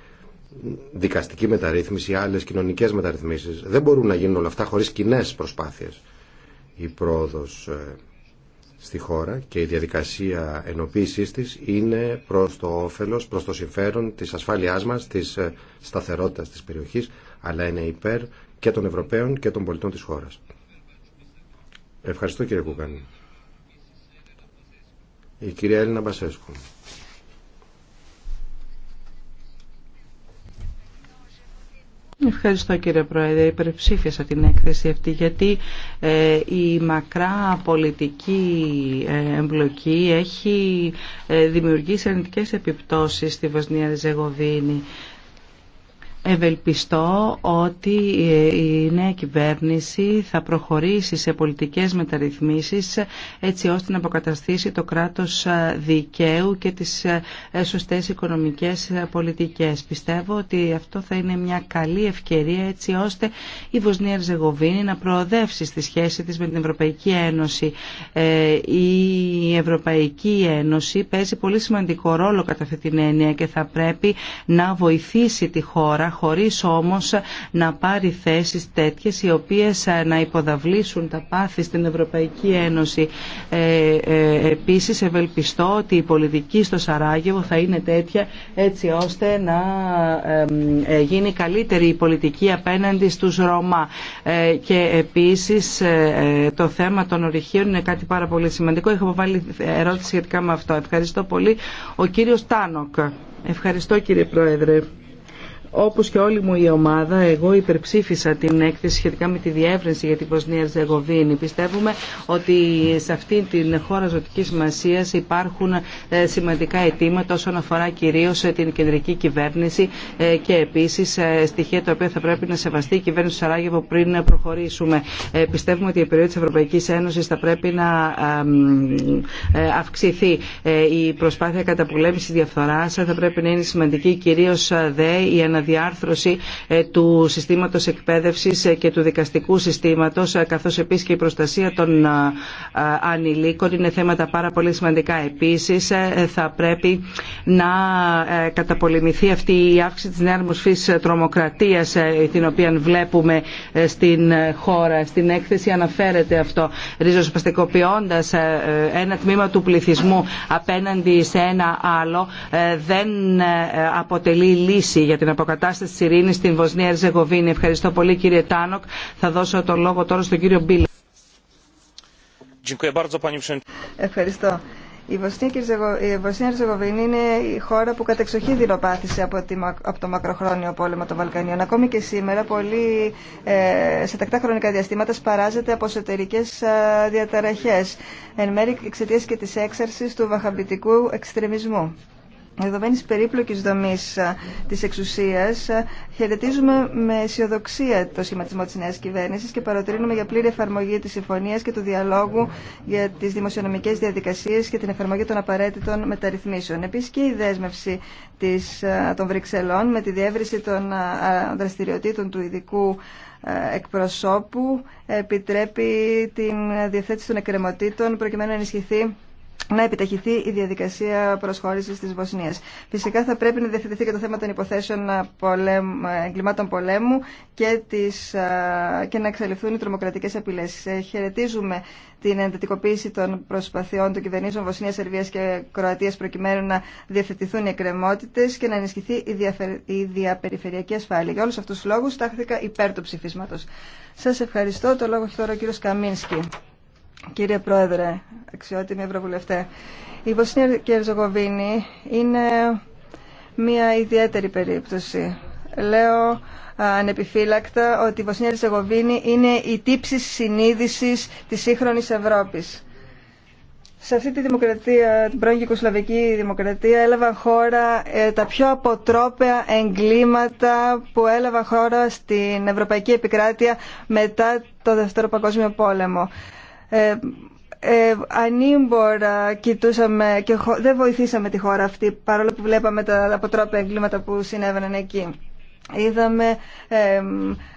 δικαστική μεταρρύθμιση, άλλες κοινωνικές μεταρρυθμίσεις. Δεν μπορούν να γίνουν όλα αυτά χωρίς κοινέ προσπάθειες. Η πρόοδος ε, στη χώρα και η διαδικασία ενοποίησής της είναι προς το όφελος, προς το συμφέρον της ασφάλειάς μας, της ε, σταθερότητας της περιοχής, αλλά είναι υπέρ και των Ευρωπαίων και των πολιτών της χώρας. Ευχαριστώ κύριε Κουκάνη. Η κυρία Έλληνα Μπασέσκου. Ευχαριστώ κύριε Πρόεδρε. Υπερψήφισα την έκθεση αυτή γιατί ε, η μακρά πολιτική ε, εμπλοκή έχει ε, δημιουργήσει αρνητικές επιπτώσεις στη Βοσνία Ριζεγοβίνη Ευελπιστώ ότι η νέα κυβέρνηση θα προχωρήσει σε πολιτικές μεταρρυθμίσεις έτσι ώστε να αποκαταστήσει το κράτος δικαίου και τις σωστές οικονομικές πολιτικές. Πιστεύω ότι αυτό θα είναι μια καλή ευκαιρία έτσι ώστε η Βοσνία Ριζεγοβίνη να προοδεύσει στη σχέση της με την Ευρωπαϊκή Ένωση. Ε, η Ευρωπαϊκή Ένωση παίζει πολύ σημαντικό ρόλο κατά αυτή την έννοια και θα πρέπει να βοηθήσει τη χώρα χωρίς όμως να πάρει θέσεις τέτοιες οι οποίες ε, να υποδαβλήσουν τα πάθη στην Ευρωπαϊκή Ένωση. Ε, ε, επίσης ευελπιστώ ότι η πολιτική στο Σαράγεβο θα είναι τέτοια έτσι ώστε να ε, γίνει καλύτερη η πολιτική απέναντι στους Ρωμά. και επίσης το θέμα των ορυχείων είναι κάτι πάρα πολύ σημαντικό. Είχα βάλει ερώτηση σχετικά με αυτό. Ευχαριστώ πολύ. Ο κύριος Τάνοκ. Ευχαριστώ κύριε Πρόεδρε. Όπως και όλη μου η ομάδα, εγώ υπερψήφισα την έκθεση σχετικά με τη διεύρυνση για την Ποσνία Ζεγοβίνη. Πιστεύουμε ότι σε αυτήν την χώρα ζωτική σημασία υπάρχουν ε, σημαντικά αιτήματα όσον αφορά κυρίω ε, την κεντρική κυβέρνηση ε, και επίση στοιχεία τα οποία θα πρέπει να σεβαστεί η κυβέρνηση του Σαράγεβο πριν προχωρήσουμε. Πιστεύουμε ότι η περιοχή τη Ευρωπαϊκή Ένωση θα πρέπει να αυξηθεί. Η προσπάθεια καταπολέμηση διαφθορά θα πρέπει να είναι σημαντική, κυρίω δε η διάρθρωση ε, του συστήματος εκπαίδευσης ε, και του δικαστικού συστήματος ε, καθώς επίσης και η προστασία των ανηλίκων είναι θέματα πάρα πολύ σημαντικά. Επίσης θα πρέπει να καταπολεμηθεί αυτή η αύξηση της νέα μορφή τρομοκρατίας την οποία βλέπουμε στην χώρα. Στην έκθεση αναφέρεται αυτό ριζοσπαστικοποιώντας ένα τμήμα του πληθυσμού απέναντι σε ένα άλλο δεν αποτελεί λύση για την αποκατάσταση Κατάσταση ειρήνη στην Βοσνία Ερζεγοβίνη. Ευχαριστώ πολύ κύριε Τάνοκ. Θα δώσω το λόγο τώρα στον κύριο Μπίλ. Ευχαριστώ. Η Βοσνία Ερζεγοβίνη είναι η χώρα που κατεξοχή δειροπάθησε από, από το μακροχρόνιο πόλεμο των Βαλκανίων. Ακόμη και σήμερα, πολύ, ε, σε τακτά χρονικά διαστήματα, σπαράζεται από εσωτερικέ ε, διαταραχέ. Εν μέρει εξαιτία και τη έξαρση του βαχαμπητικού εξτρεμισμού δεδομένης περίπλοκης δομής της εξουσίας, χαιρετίζουμε με αισιοδοξία το σχηματισμό της νέας κυβέρνησης και παροτρύνουμε για πλήρη εφαρμογή της συμφωνίας και του διαλόγου για τις δημοσιονομικές διαδικασίες και την εφαρμογή των απαραίτητων μεταρρυθμίσεων. Επίσης και η δέσμευση της, των Βρυξελών με τη διεύρυνση των δραστηριοτήτων του ειδικού εκπροσώπου επιτρέπει την διαθέτηση των εκκρεμωτήτων προκειμένου να ενισχυθεί να επιταχυθεί η διαδικασία προσχώρηση τη Βοσνία. Φυσικά θα πρέπει να διευθυνθεί και το θέμα των υποθέσεων εγκλημάτων πολέμου και, τις, και να εξαλειφθούν οι τρομοκρατικέ απειλέ. Ε, χαιρετίζουμε την εντατικοποίηση των προσπαθειών των κυβερνήσεων Βοσνία, Σερβία και Κροατία προκειμένου να διευθετηθούν οι εκκρεμότητε και να ενισχυθεί η, διαπεριφερειακή ασφάλεια. Για όλου αυτού του λόγου στάχθηκα υπέρ του ψηφίσματο. Σα ευχαριστώ. Το λόγο έχει τώρα ο κύριο Καμίνσκι. Κύριε Πρόεδρε, αξιότιμοι Ευρωβουλευτέ, η Βοσνία και η είναι μια ιδιαίτερη περίπτωση. Λέω ανεπιφύλακτα ότι η Βοσνία είναι η τύψη συνείδησης της σύγχρονης Ευρώπης. Σε αυτή τη δημοκρατία, την πρώην δημοκρατία, έλαβαν χώρα ε, τα πιο αποτρόπαια εγκλήματα που έλαβαν χώρα στην Ευρωπαϊκή Επικράτεια μετά το Δεύτερο Παγκόσμιο Πόλεμο. Ε, ε, ανήμπορα κοιτούσαμε και δεν βοηθήσαμε τη χώρα αυτή παρόλο που βλέπαμε τα αποτρόπια εγκλήματα που συνέβαιναν εκεί. Είδαμε ε,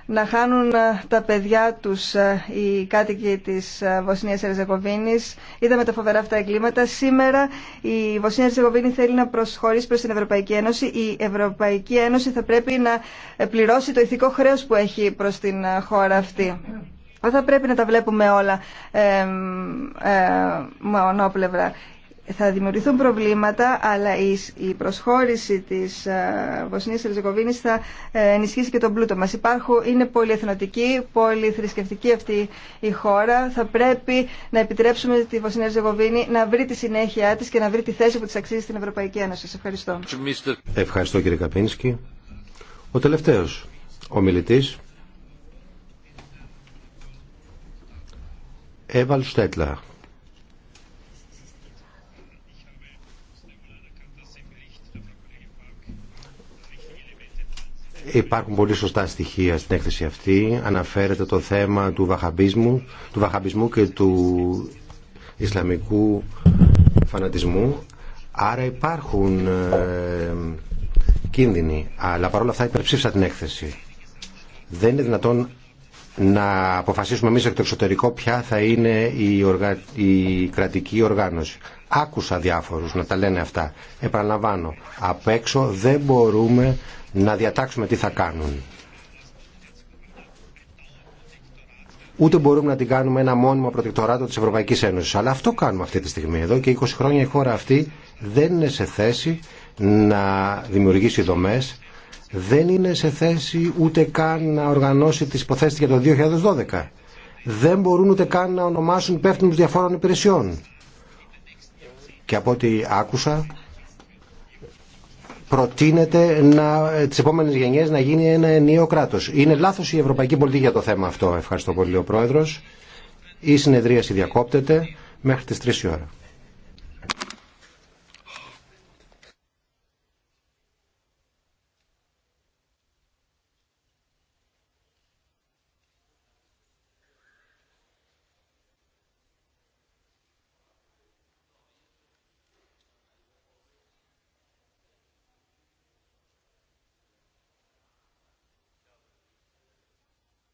να χάνουν ε, τα παιδιά τους οι κάτοικοι της Βοσνίας Ερζεγοβίνης. Είδαμε τα φοβερά αυτά εγκλήματα. Σήμερα η Βοσνία Ερζεγοβίνη θέλει να προσχωρήσει προς την Ευρωπαϊκή Ένωση. Η Ευρωπαϊκή Ένωση θα πρέπει να πληρώσει το ηθικό χρέος που έχει προς την χώρα αυτή. Δεν θα πρέπει να τα βλέπουμε όλα ε, ε, Θα δημιουργηθούν προβλήματα, αλλά η, η προσχώρηση της ε, Βοσνίας θα ε, ενισχύσει και τον πλούτο μας. Υπάρχουν, είναι πολύ πολυθρησκευτική αυτή η χώρα. Θα πρέπει να επιτρέψουμε τη Βοσνία Ερζεγοβίνη να βρει τη συνέχειά της και να βρει τη θέση που της αξίζει στην Ευρωπαϊκή Ένωση. Σας ευχαριστώ. Ευχαριστώ κύριε Καπίνσκι. Ο τελευταίος Εύαλ Στέτλα. Υπάρχουν πολύ σωστά στοιχεία στην έκθεση αυτή. Αναφέρεται το θέμα του βαχαμπισμού, του βαχαμπισμού και του Ισλαμικού φανατισμού. Άρα υπάρχουν ε, κίνδυνοι. Αλλά παρόλα αυτά υπερψήφισα την έκθεση. Δεν είναι δυνατόν να αποφασίσουμε εμείς εκ το εξωτερικό ποια θα είναι η, η κρατική οργάνωση. Άκουσα διάφορους να τα λένε αυτά. Επαναλαμβάνω, απ' έξω δεν μπορούμε να διατάξουμε τι θα κάνουν. Ούτε μπορούμε να την κάνουμε ένα μόνιμο προτεκτοράτο της Ευρωπαϊκής Ένωσης. Αλλά αυτό κάνουμε αυτή τη στιγμή. Εδώ και 20 χρόνια η χώρα αυτή δεν είναι σε θέση να δημιουργήσει δομές δεν είναι σε θέση ούτε καν να οργανώσει τις υποθέσεις για το 2012. Δεν μπορούν ούτε καν να ονομάσουν υπεύθυνους διαφόρων υπηρεσιών. Και από ό,τι άκουσα, προτείνεται να, τις επόμενες γενιές να γίνει ένα ενίο κράτος. Είναι λάθος η ευρωπαϊκή πολιτική για το θέμα αυτό. Ευχαριστώ πολύ ο Πρόεδρος. Η συνεδρίαση διακόπτεται μέχρι τις 3 η ώρα.